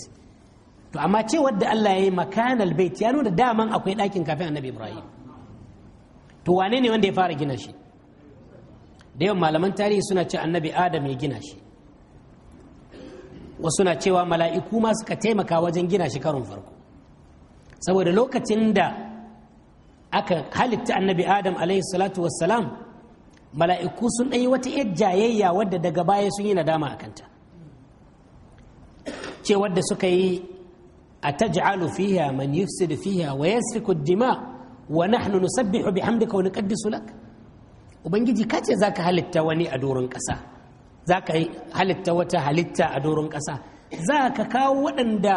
to amma ce wadda Allah ya yi makana albayt ya nuna daman akwai ɗakin kafin annabi ibrahim to wane ne wanda ya fara gina shi da yawan malaman tarihi suna ce annabi adam ya gina shi wasu na cewa mala'iku ma suka taimaka wajen gina shi karon farko saboda lokacin da aka halitta annabi adam alaihi salatu wassalam mala'iku sun ɗanyi wata yar jayayya wadda daga baya sun yi nadama a kanta ce wadda suka yi a taj'alu fiha man yufsidu fiha wa yasfiku dima wa nahnu nusabbihu bihamdika wa nuqaddisu lak ubangiji ka ce za ka halitta wani a doron ƙasa za ka halitta wata halitta a doron ƙasa za ka kawo waɗanda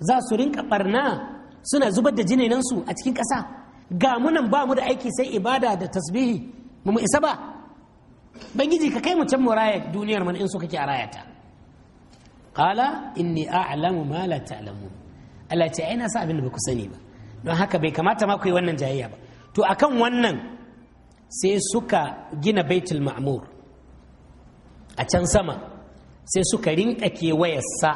za su rinka ɓarna suna zubar da jininansu a cikin ƙasa ga munan ba mu da aiki sai ibada da tasbihi ba mu isa ba bangiji ka kai mu can mu raya duniyar man in so kake a ta. qala inni a'lamu ma la ta'lamun Allah ce ai na sa abin da ba ku sani ba don haka bai kamata ma ku yi wannan jayayya ba to akan wannan sai suka gina baitul ma'mur a can sama sai suka rinka kewayarsa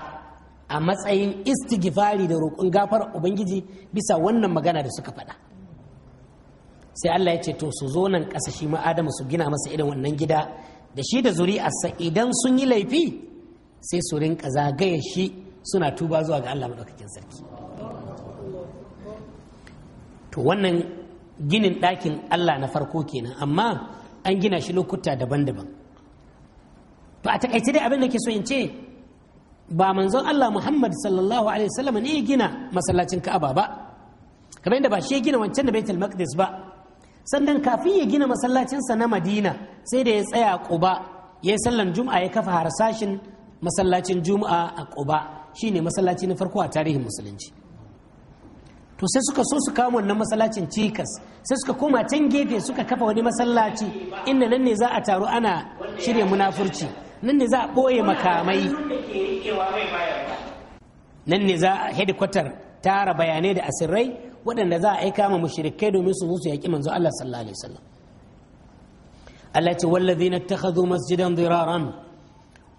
a matsayin istighfari da roƙon gafar ubangiji bisa wannan magana da suka faɗa sai Allah ya ce to su zo nan ƙasa shi ma'adama su gina masa irin wannan gida da shi da zuri'arsa idan sun yi laifi sai su rinka zagaya shi suna tuba zuwa ga Allah maɗaukakin sarki to wannan ginin ɗakin Allah na farko kenan amma an gina shi lokuta daban-daban to a takaice dai abin da ke so in ce ba manzon Allah Muhammad sallallahu alaihi wasallam ne ya gina masallacin Ka'aba ba kamar yadda ba shi ya gina wancan da Baitul Maqdis ba sannan kafin ya gina masallacinsa na Madina sai da ya tsaya a Quba ya yi sallan Juma'a ya kafa harsashin masallacin Juma'a a Quba shine masallaci na farko a tarihin musulunci to sai suka so su kama wannan masallacin cikas sai suka koma can gefe suka kafa wani masallaci inda nan ne za a taru ana shirya munafurci nan ne za a ɓoye makamai nan ne za a hedikwatar tara bayanai da asirrai waɗanda za a aika ma mushrikai domin su zo su yaƙi manzo Allah sallallahu alaihi wasallam Allah ce wallazina takhadhu masjidan ziraran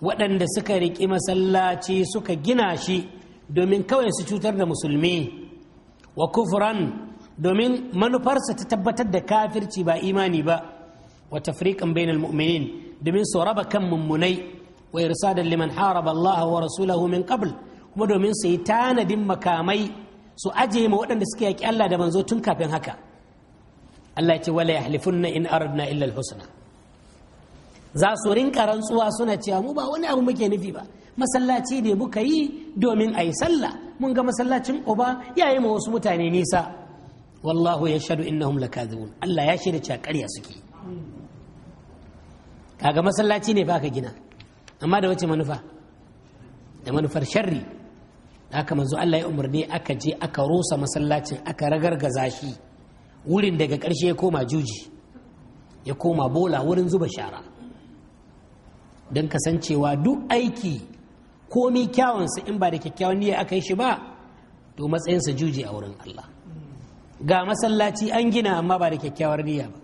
waɗanda suka riƙi masallaci suka gina shi domin kawai su cutar da musulmi wa kufran domin manufarsa ta tabbatar da kafirci ba imani ba wa tafriqan bainal mu'minin domin su raba kan mummunai wa irsadan liman haraba Allah wa rasulahu min qabl kuma domin su yi tanadin makamai su aje ma waɗanda suka yaki Allah da manzo tun kafin haka Allah ya ce wala yahlifunna in aradna illa husna za su rinka rantsuwa suna cewa mu ba wani abu muke nufi ba masallaci ne muka yi domin a yi sallah mun ga masallacin uba ya yi ma wasu mutane nisa wallahu ya shaɗu innahum lakazibun Allah ya shirya cakarya suke kaga masallaci ne baka gina amma da wace manufa da manufar sharri haka manzo Allah ya umarni aka je aka rusa masallacin aka ragar ga zashi wurin daga ƙarshe ya koma juji ya koma bola wurin zuba shara don kasancewa duk aiki komi kyawunsa in ba da kyakkyawan niyya aka yi shi ba to matsayinsa juji a wurin Allah ga masallaci an gina amma ba da kyakkyawar niyya ba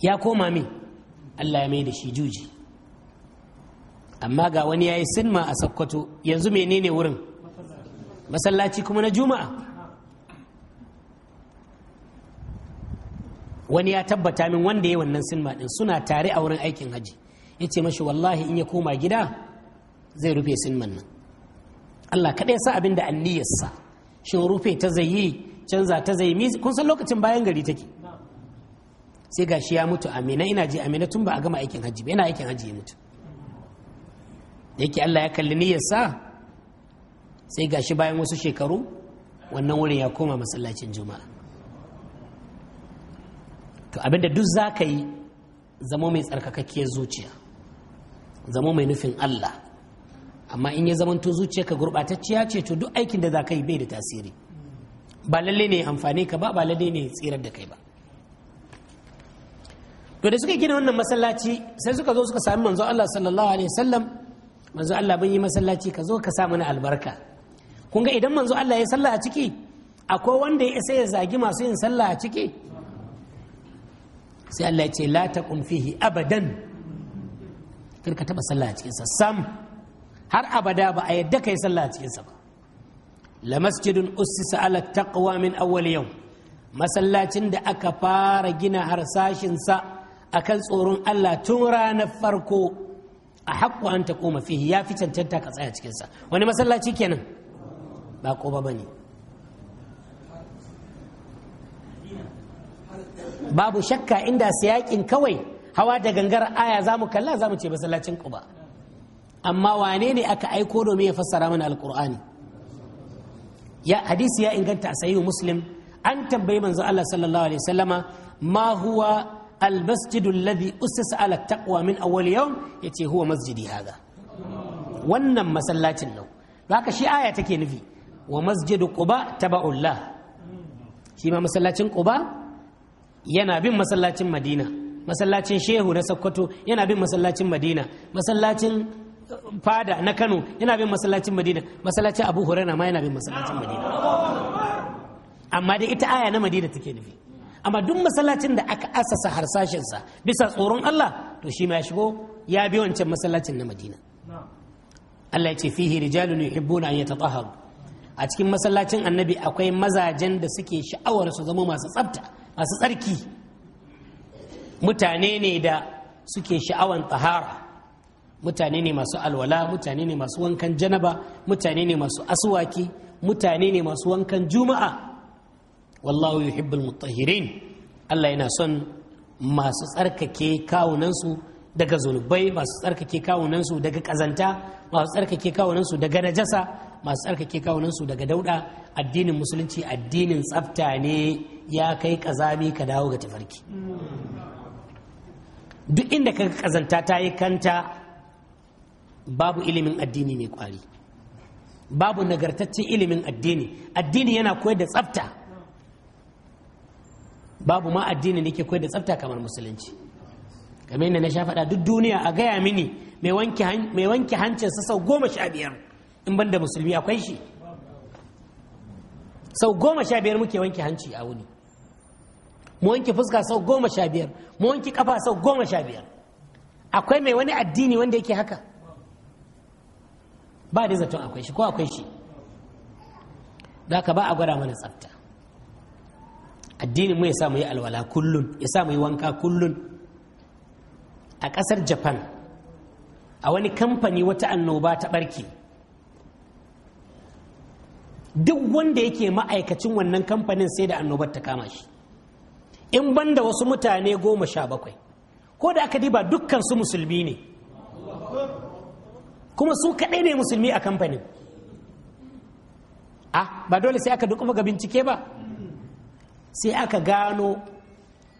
ya koma min Allah ya mai da shi juji amma ga wani ya yi sinma a sakkwato yanzu menene wurin masallaci kuma na juma'a wani ya tabbata min wanda ya wannan sinma din suna tare a wurin aikin haji ya ce mashi wallahi in ya koma gida zai rufe silman nan Allah kaɗai sa abin da anniyarsa shin rufe ta zai yi canza ta zai yi kun san lokacin bayan gari take sai gashi ya mutu amina ina ji amina tun ba a gama aikin hajji ba yana aikin hajji ya mutu yake Allah ya kalli niyarsa sai gashi bayan wasu shekaru wannan wurin ya koma masallacin juma'a to abinda duk za ka yi zamo mai tsarkakakkiyar zuciya zamo mai nufin Allah amma in ya zamanto zuciyarka gurɓatacciya ce to duk aikin da za ka yi bai da tasiri ba lalle ne amfani ka ba ba lalle ne tsirar da kai ba to da suka gina wannan masallaci sai suka zo suka sami manzo Allah sallallahu alaihi wasallam manzo Allah bin yi masallaci ka zo ka sa mana albarka kun ga idan manzo Allah ya sallah a ciki akwai wanda ya isa ya zagi masu yin sallah a ciki sai Allah ya ce la taqum fihi abadan kar ka taba sallah a cikin sa sam har abada ba a yadda yi sallah a cikinsa ba la masjidun ussisa ala taqwa min awwal yau masallacin da aka fara gina harsashinsa akan tsoron Allah tun ranar farko a haƙƙo an taƙoma fihi ya fi cancanta ka tsaya cikinsa wani masallaci kenan ba ko ba ne babu shakka inda siyaƙin kawai hawa da gangar aya za mu kalla za mu ce masallacin ba. amma wane ne aka aiko domin ya fassara mana alkur'ani ya hadisi ya inganta a sahihu muslim an tambayi manzo Allah sallallahu alaihi wasallama ma huwa almasjidu alladhi usisa ala taqwa min awwal yawm yace huwa masjidi hada wannan masallacin nan haka shi aya take nufi wa masjidu quba tabaullah shi ma masallacin quba yana bin masallacin madina masallacin shehu na sokoto yana bin masallacin madina masallacin fada na kano yana bin masallacin madina masallacin abu huraira ma yana bin masallacin madina amma dai ita aya na madina take nufi amma duk masallacin da aka asasa harsashinsa bisa tsoron allah to shi ma ya shigo ya bi wancan masallacin na madina allah ya ce fihi rijalun yuhibbuna an yatatahhar a cikin masallacin annabi akwai mazajen da suke sha'awar su zama masu tsafta masu tsarki mutane ne da suke sha'awar tahara mutane ne masu alwala mutane ne masu wankan janaba mutane ne masu asuwaki mutane ne masu wankan juma'a wallahu yuhibbul mutahhirin Allah yana son masu tsarkake kawunansu daga zunubai masu tsarkake kawunansu daga kazanta masu tsarkake kawunansu daga najasa masu tsarkake kawunansu daga dauda addinin musulunci addinin tsafta ne ya kai kazami ka dawo ga tafarki duk inda ka kazanta ta yi kanta babu ilimin addini mai kwari babu nagartaccen ilimin addini addini yana koyar da tsafta babu ma addini da ke koyar da tsafta kamar musulunci kamar yadda na sha faɗa duk duniya a gaya mini mai wanke hancinsa sau goma sha biyar in ban da musulmi akwai shi sau goma sha biyar muke wanke hanci a wuni mu wanke fuska sau goma sha biyar mu wanke kafa sau goma sha biyar akwai mai wani addini wanda yake haka ba da zaton akwai shi ko akwai shi da ka ba a gwada mana tsafta addinin mu ya sa mu yi alwala kullun ya sa mu yi wanka kullun a ƙasar japan a wani kamfani wata annoba ta ɓarke duk wanda yake ma'aikacin wannan kamfanin sai da annobar ta kama shi in banda wasu mutane goma sha bakwai ko da aka diba dukkan su musulmi ne kuma su kaɗai ne musulmi a kamfanin a ba dole sai aka duk ga bincike ba sai aka gano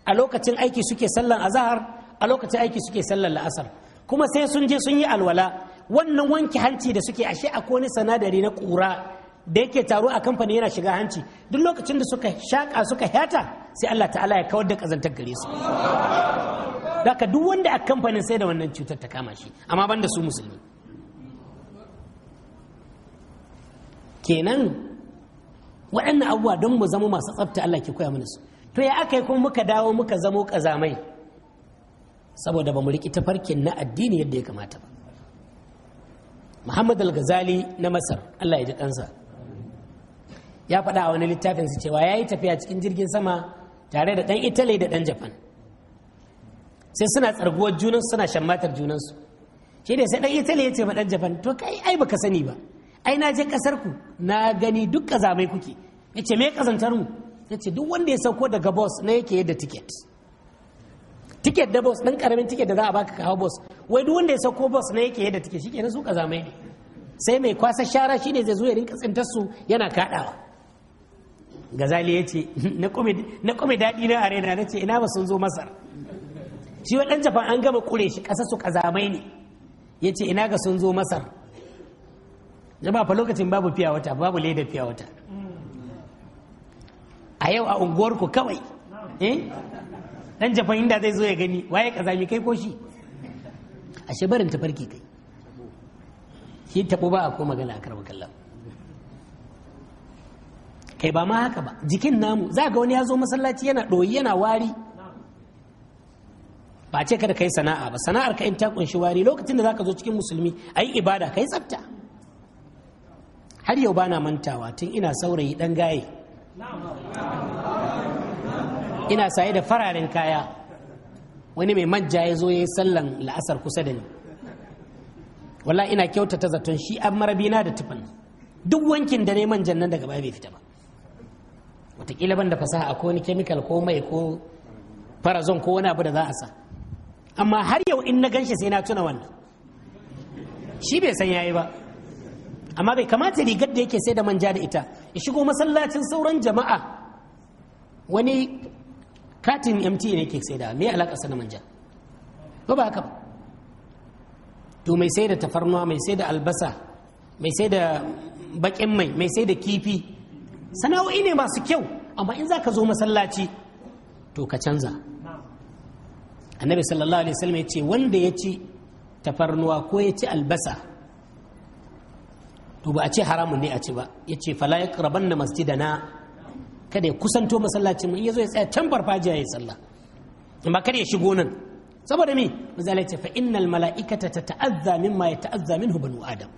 a lokacin aiki suke sallan azahar a lokacin aiki suke sallan la'asar kuma sai sun je sun yi alwala wannan wanke hanci da suke ashe a wani sanadari na ƙura da yake taro a kamfani yana shiga hanci duk lokacin da suka shaƙa suka hata sai Allah ta'ala ya kawar da ƙazantar gare su daga duk wanda a kamfanin sai da wannan cutar ta kama shi amma banda su musulmi kenan waɗannan abubuwa don mu zama masu tsafta Allah ke koya mana su to ya aka yi kuma muka dawo muka zamo ƙazamai saboda ba mu riƙi tafarkin na addini yadda ya kamata ba muhammad al-ghazali na masar Allah ya ji kansa ya faɗa a wani littafin su cewa ya yi tafiya cikin jirgin sama tare da ɗan italy da ɗan japan sai suna tsarguwar junansu suna shammatar junansu shi ne sai ɗan italy ya ce ma ɗan japan to kai ai baka sani ba ai na je ƙasar ku na gani duk kazamai kuke ya ce me kazantar mu ya ce duk wanda ya sauko daga bus na yake yadda tiket tiket da bus ɗan ƙaramin tiket da za a baka kawo wai duk wanda ya sauko bus na yake yadda tiket na su kazamai ne sai mai kwasa shara shi shine zai zo ya rinka tsintar su yana kaɗawa gazali ya ce na kome daɗi na arena na ce ina ba sun zo masar shi waɗan Jafan an gama kure shi ƙasa su kazamai ne ya ce ina ga sun zo masar jama'a fa lokacin babu fiya wata babu leda fiya wata a yau a unguwar ku kawai eh dan jafan inda zai zo ya gani waye kazami kai ko shi ashe barin farki kai shi tabo ba a ko magana a karbar kallon kai ba ma haka ba jikin namu za ga wani ya zo masallaci yana ɗoyi yana wari ba ce kada yi sana'a ba sana'ar ka in ta kunshi wari lokacin da zaka zo cikin musulmi ayi ibada ka yi tsafta har yau bana mantawa tun ina saurayi dan gaye ina saye da fararen kaya wani mai manja ya zo ya yi sallan la'asar kusa da ni walla ina kyautata zaton shi an marabina da tufan duk wankin da ne manjan nan daga baya bai fita ba watakila ban da fasaha ko wani kemikal ko mai ko farazon ko wani abu da za a sa amma har yau in na ganshi sai na tuna wannan shi bai san yayi ba amma bai kamata rigar da yake sai da manja da ita ya shigo masallacin sauran jama'a wani katin mt ne yake sai da me alaƙa sana manja ba ba haka ba to mai sai da tafarnuwa mai sai da albasa mai sai da baƙin mai mai sai da kifi sana'o'i ne masu kyau amma in za ka zo masallaci to ka canza annabi sallallahu alaihi wasallam ya ce wanda ya ci tafarnuwa ko ya ci albasa to ba a ce haramun ne a ce ba ya ce fala ya raban na kada ya kusanto masallacin mu in ya zo ya tsaya can farfajiya ya yi sallah amma kada ya shigo nan saboda me misali ce fa innal mala'ikata tata'azza mimma yata'azza minhu banu adam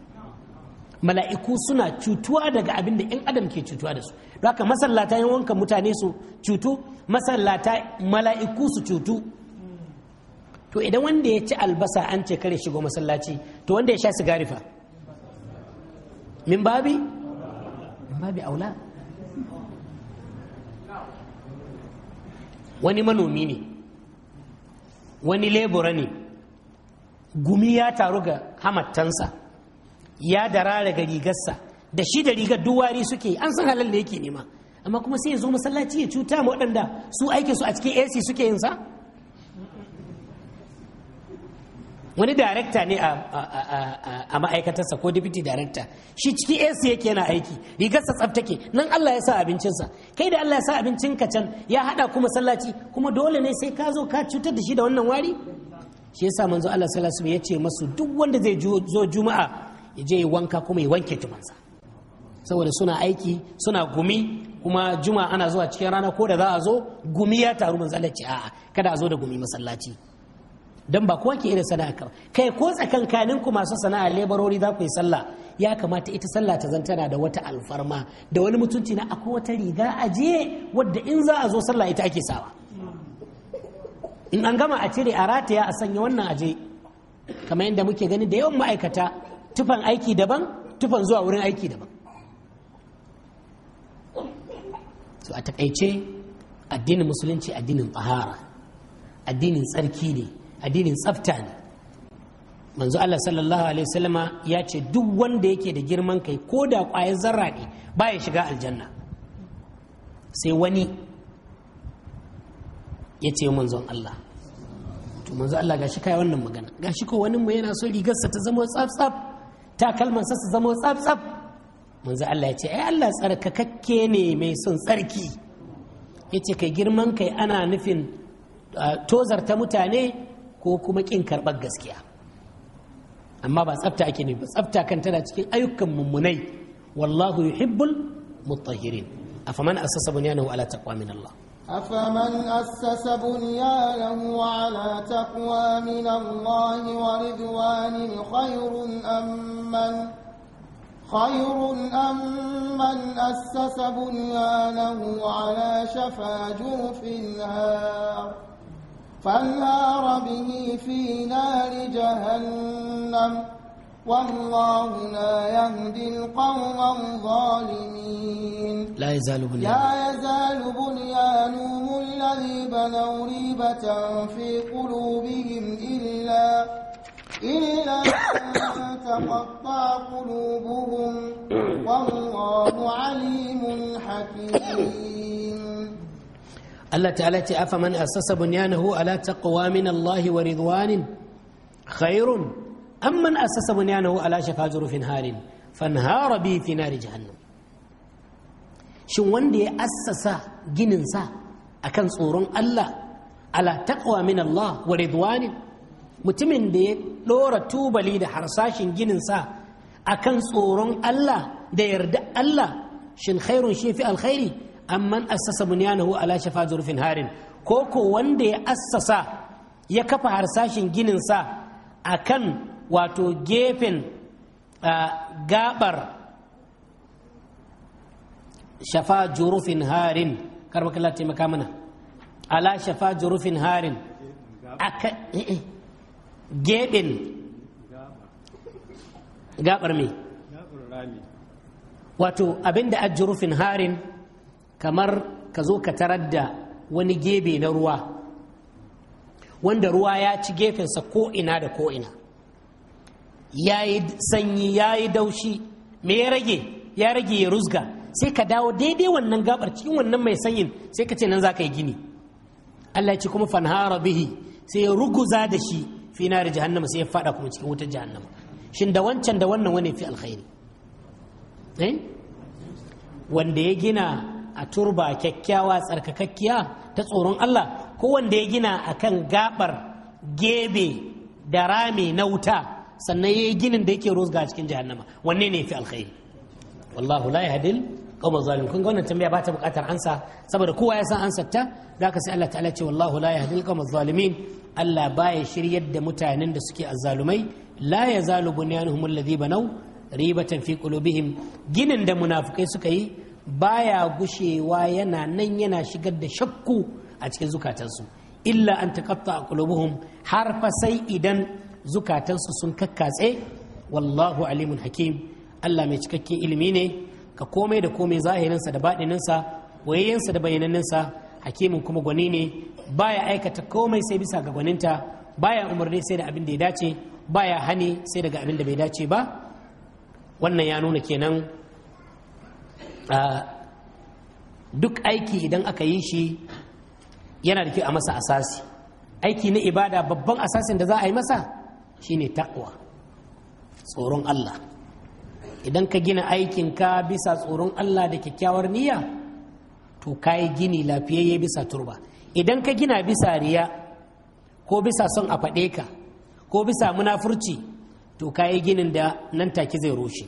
mala'iku suna cutuwa daga abin da yan adam ke cutuwa da su don haka masallata yan wanka mutane su cutu masallata mala'iku su cutu to idan wanda ya ci albasa an ce kare shigo masallaci to wanda ya sha sigari fa min babi min babi aula wani manomi ne wani lebura ne gumi ya taru ga hamattansa ya darara ga rigarsa da shi da rigar duwari suke an san halal da yake nema amma kuma sai ya zo masallaci ya cuta ma waɗanda su aike su a cikin ac suke yin sa wani director ne a ma'aikatarsa ko deputy director shi ciki ac yake yana aiki rigarsa tsafta ke nan allah ya sa abincinsa kai da allah ya sa abincin ka can ya hada ku masallaci kuma dole ne sai ka zo ka cutar da shi da wannan wari shi yasa manzo allah sallallahu ya ce masu duk wanda zai zo juma'a ya je ya wanka kuma ya wanke tumansa saboda suna aiki suna gumi kuma juma'a ana zuwa cikin rana ko da za a zo gumi ya taru manzo allah a'a kada a zo da gumi masallaci don ba kowa ke irin sana'a ka kai ko tsakankanin ku masu sana'a lebarori za ku yi sallah ya kamata ita sallah ta zantana da wata alfarma da wani mutunci na akwai wata riga ajiye wadda in za a zo sallah ita ake sawa in an gama a cire a rataya a sanya wannan aje kamar yadda muke gani da yawan ma'aikata tufan aiki daban tufan zuwa wurin aiki daban so a takaice addinin musulunci addinin tsahara addinin tsarki ne addinin tsafta ne manzo Allah sallallahu alaihi wasallama ya ce duk wanda yake da girman kai ko da ƙwayar zarra ne baya shiga aljanna sai wani ya ce manzon Allah to manzo Allah gashi kai wannan magana gashi ko wani mu yana so rigarsa ta zama tsaf tsaf sa su zama tsaf tsaf manzo Allah ya ce ai Allah tsarkakakke ne mai son tsarki ya ce kai girman kai ana nufin tozar ta mutane ko kuma ƙin karɓar gaskiya amma ba tsafta ake ne ba tsafta kan tana cikin ayyukan mummunai wallahu yuhibbul mutahhirin afaman assasa bunyanahu ala taqwa min Allah أفمن أسس بنيانه على تقوى من الله ورضوان خير أم من خير أم من أسس بنيانه على شفا جرف هار فانهار به في نار جهنم والله لا يهدي القوم الظالمين لا يزال بنيان لا يزال بنيانهم الذي بنوا ريبة في قلوبهم إلا إلا أن تقطع قلوبهم والله عليم حكيم Allah ta'ala ce afa man assasa bunyanahu ala taqwa min Allah wa ridwanin khairun am man bunyanahu ala shafa zurfin harin fanhara bi fi nari jahannam shin wanda ya assasa ginin sa akan tsoron Allah ala taqwa min Allah wa ridwanin mutumin da ya dora tubali da harsashin ginin sa akan tsoron Allah da yarda Allah shin khairun shi fi alkhairi amman assasa bunyanahu ala shafa zurfin harin ko ko wanda ya assasa ya kafa harsashin ginin sa akan wato gefen gabar shafa jurufin harin karba kalla taimaka mana ala shafa jurufin harin aka eh, eh. geben gabar me wato abinda a jurufin harin kamar ka zo ka tarar da wani gebe na ruwa wanda ruwa ya ci gefensa ko'ina da ko'ina ya yi sanyi ya yi daushi me ya rage ya rage ya ruzga, sai ka dawo daidai wannan gabar cikin wannan mai sanyin sai ka ce nan za ka yi gini allah ya ce kuma fanhara bihi sai ya ruguza da shi fi da jahannama sai ya fada kuma cikin wutar jahannama shin da wancan da wannan wani fi alkhairi eh? wanda ya gina a turba kyakkyawa tsarkakakkiya ta tsoron Allah ko wanda ya gina akan gabar gebe da rame na wuta sannan ya yi ginin da yake a cikin jahannama wanne ne fi alkhairi wallahu la yahdil qawma zalim kun ga wannan tambaya ba ta bukatar ansa saboda kowa ya san ansar ta zaka ka sai Allah ta'ala ce wallahu la yahdil qawma zalimin Allah baya shiryar da mutanen da suke azzalumai la yazalu bunyanuhum alladhi banaw ribatan fi qulubihim ginin da munafikai suka yi baya gushewa yana nan yana shigar da shakku a cikin zukatansu illa an a qulubuhum har fa sai idan zukatansu sun kakkatse wallahu alimun hakim Allah mai cikakken ilimi ne ka komai da komai zahirinsa da baɗininsa wayayensa da bayananninsa hakimin kuma gwani ne baya aikata komai sai bisa ga gwaninta baya umarni sai da abin da ya dace baya hani sai daga abin da bai dace ba wannan ya nuna kenan duk aiki idan aka yi shi yana da kyau a masa asasi aiki na ibada babban asasin da za a yi masa shine takwa tsoron Allah idan ka gina ka bisa tsoron Allah da kyakkyawar niyya to ka yi gini lafiyayye bisa turba idan ka gina bisa riya ko bisa son a faɗe ka ko bisa munafurci to ka yi ginin da nan take zai rushe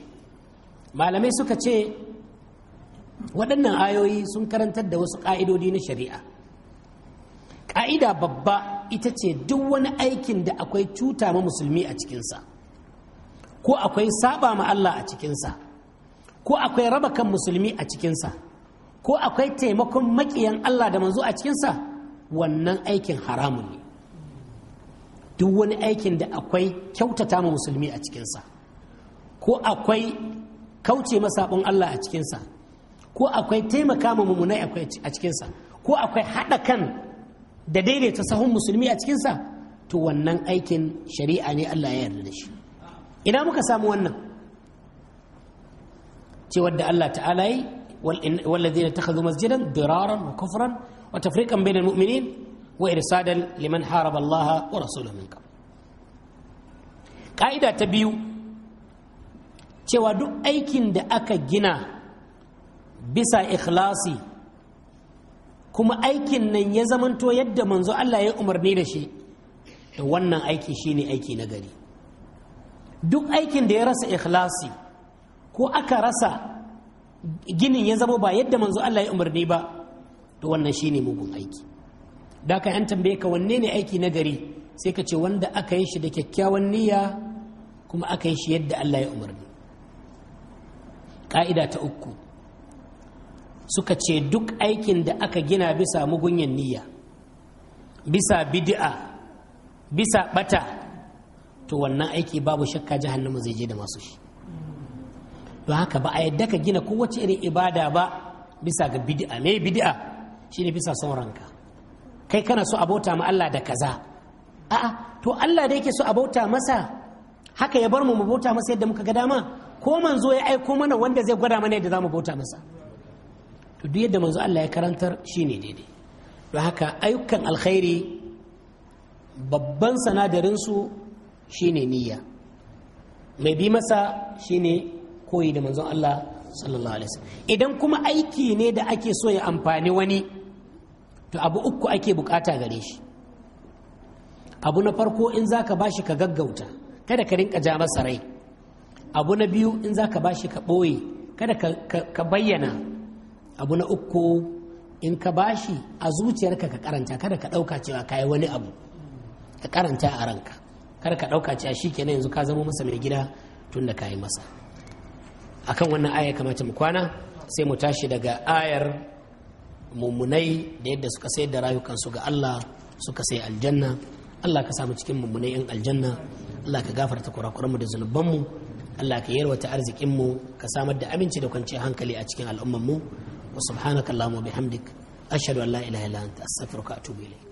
malamai suka ce waɗannan ayoyi sun karantar da wasu ƙa'idodi na shari'a ƙa'ida babba ita ce duk wani aikin da akwai cuta ma musulmi a cikinsa ko akwai saba ma Allah a cikinsa ko akwai raba kan musulmi a cikinsa ko akwai taimakon maƙiyan Allah da manzo a cikinsa wannan aikin haramun ne duk wani aikin da akwai kyautata ma musulmi a cikinsa ko akwai kauce masabon Allah a cikinsa ko akwai taimaka ma mummunai a cikinsa ko akwai haɗa kan da daidaita sahun musulmi a cikinsa to wannan aikin shari'a ne Allah ya yarda da shi ina muka samu wannan cewar da Allah ta'ala yi والذين اتخذوا مسجدا ضرارا وكفرا وتفريقا بين المؤمنين وإرسادا لمن حارب wa rasuluhu من Ka'ida ta biyu cewa duk aikin da aka gina bisa ikhlasi kuma aikin nan ya zamanto yadda manzo Allah ya umarni da shi da wannan aiki shine aiki na gari duk aikin da ya rasa ikhlasi ko aka rasa ginin ya zama ba yadda manzo Allah ya umarni ba to wannan shine mugun aiki da ka an tambaye ka wanne ne aiki na gari sai ka ce wanda aka yi shi da kyakkyawan niyya kuma aka yi shi yadda Allah ya umarni ƙa'ida ta uku suka ce duk aikin da aka gina bisa mugunyan niyya bisa bidi'a, bisa bata to wannan aiki babu shakka jahannama zai je da masu shi don haka ba a yadda ka gina kowace irin ibada ba bisa ga bid'a me bid'a shine bisa son ranka kai kana so abota ma Allah da kaza a'a to Allah da yake so abota masa haka ya bar mu mu bauta masa yadda muka ga dama ko manzo ya aiko mana wanda zai gwada mana yadda za mu bauta masa to duk yadda manzo Allah ya karantar shine daidai don haka ayyukan alkhairi babban sanadarin su shine niyya mai bi masa shine koyi da manzon Allah sallallahu alaihi wasallam idan kuma aiki ne da ake so ya amfani wani to abu uku ake bukata gare shi abu na farko in zaka bashi ka gaggauta kada ka rinka ja masa rai abu na biyu in zaka bashi ka ɓoye kada ka bayyana abu na uku in ka bashi a zuciyarka ka karanta kada ka ɗauka cewa ka wani abu ka karanta a ranka kada ka ɗauka cewa shi kenan yanzu ka zama masa mai gida tun da ka yi masa akan wannan aya kamata mu kwana sai mu tashi daga ayar mummunai da yadda suka sayar da rayukansu ga Allah suka sai aljanna Allah ka samu cikin mummunai yan aljanna Allah ka gafarta kurakuranmu da zunubanmu Allah ka yi yarwata arzikinmu ka samar da aminci da kwanciyar hankali a cikin mu wa subhanaka allahumma bihamdik ashhadu an la ilaha illa anta astaghfiruka wa atubu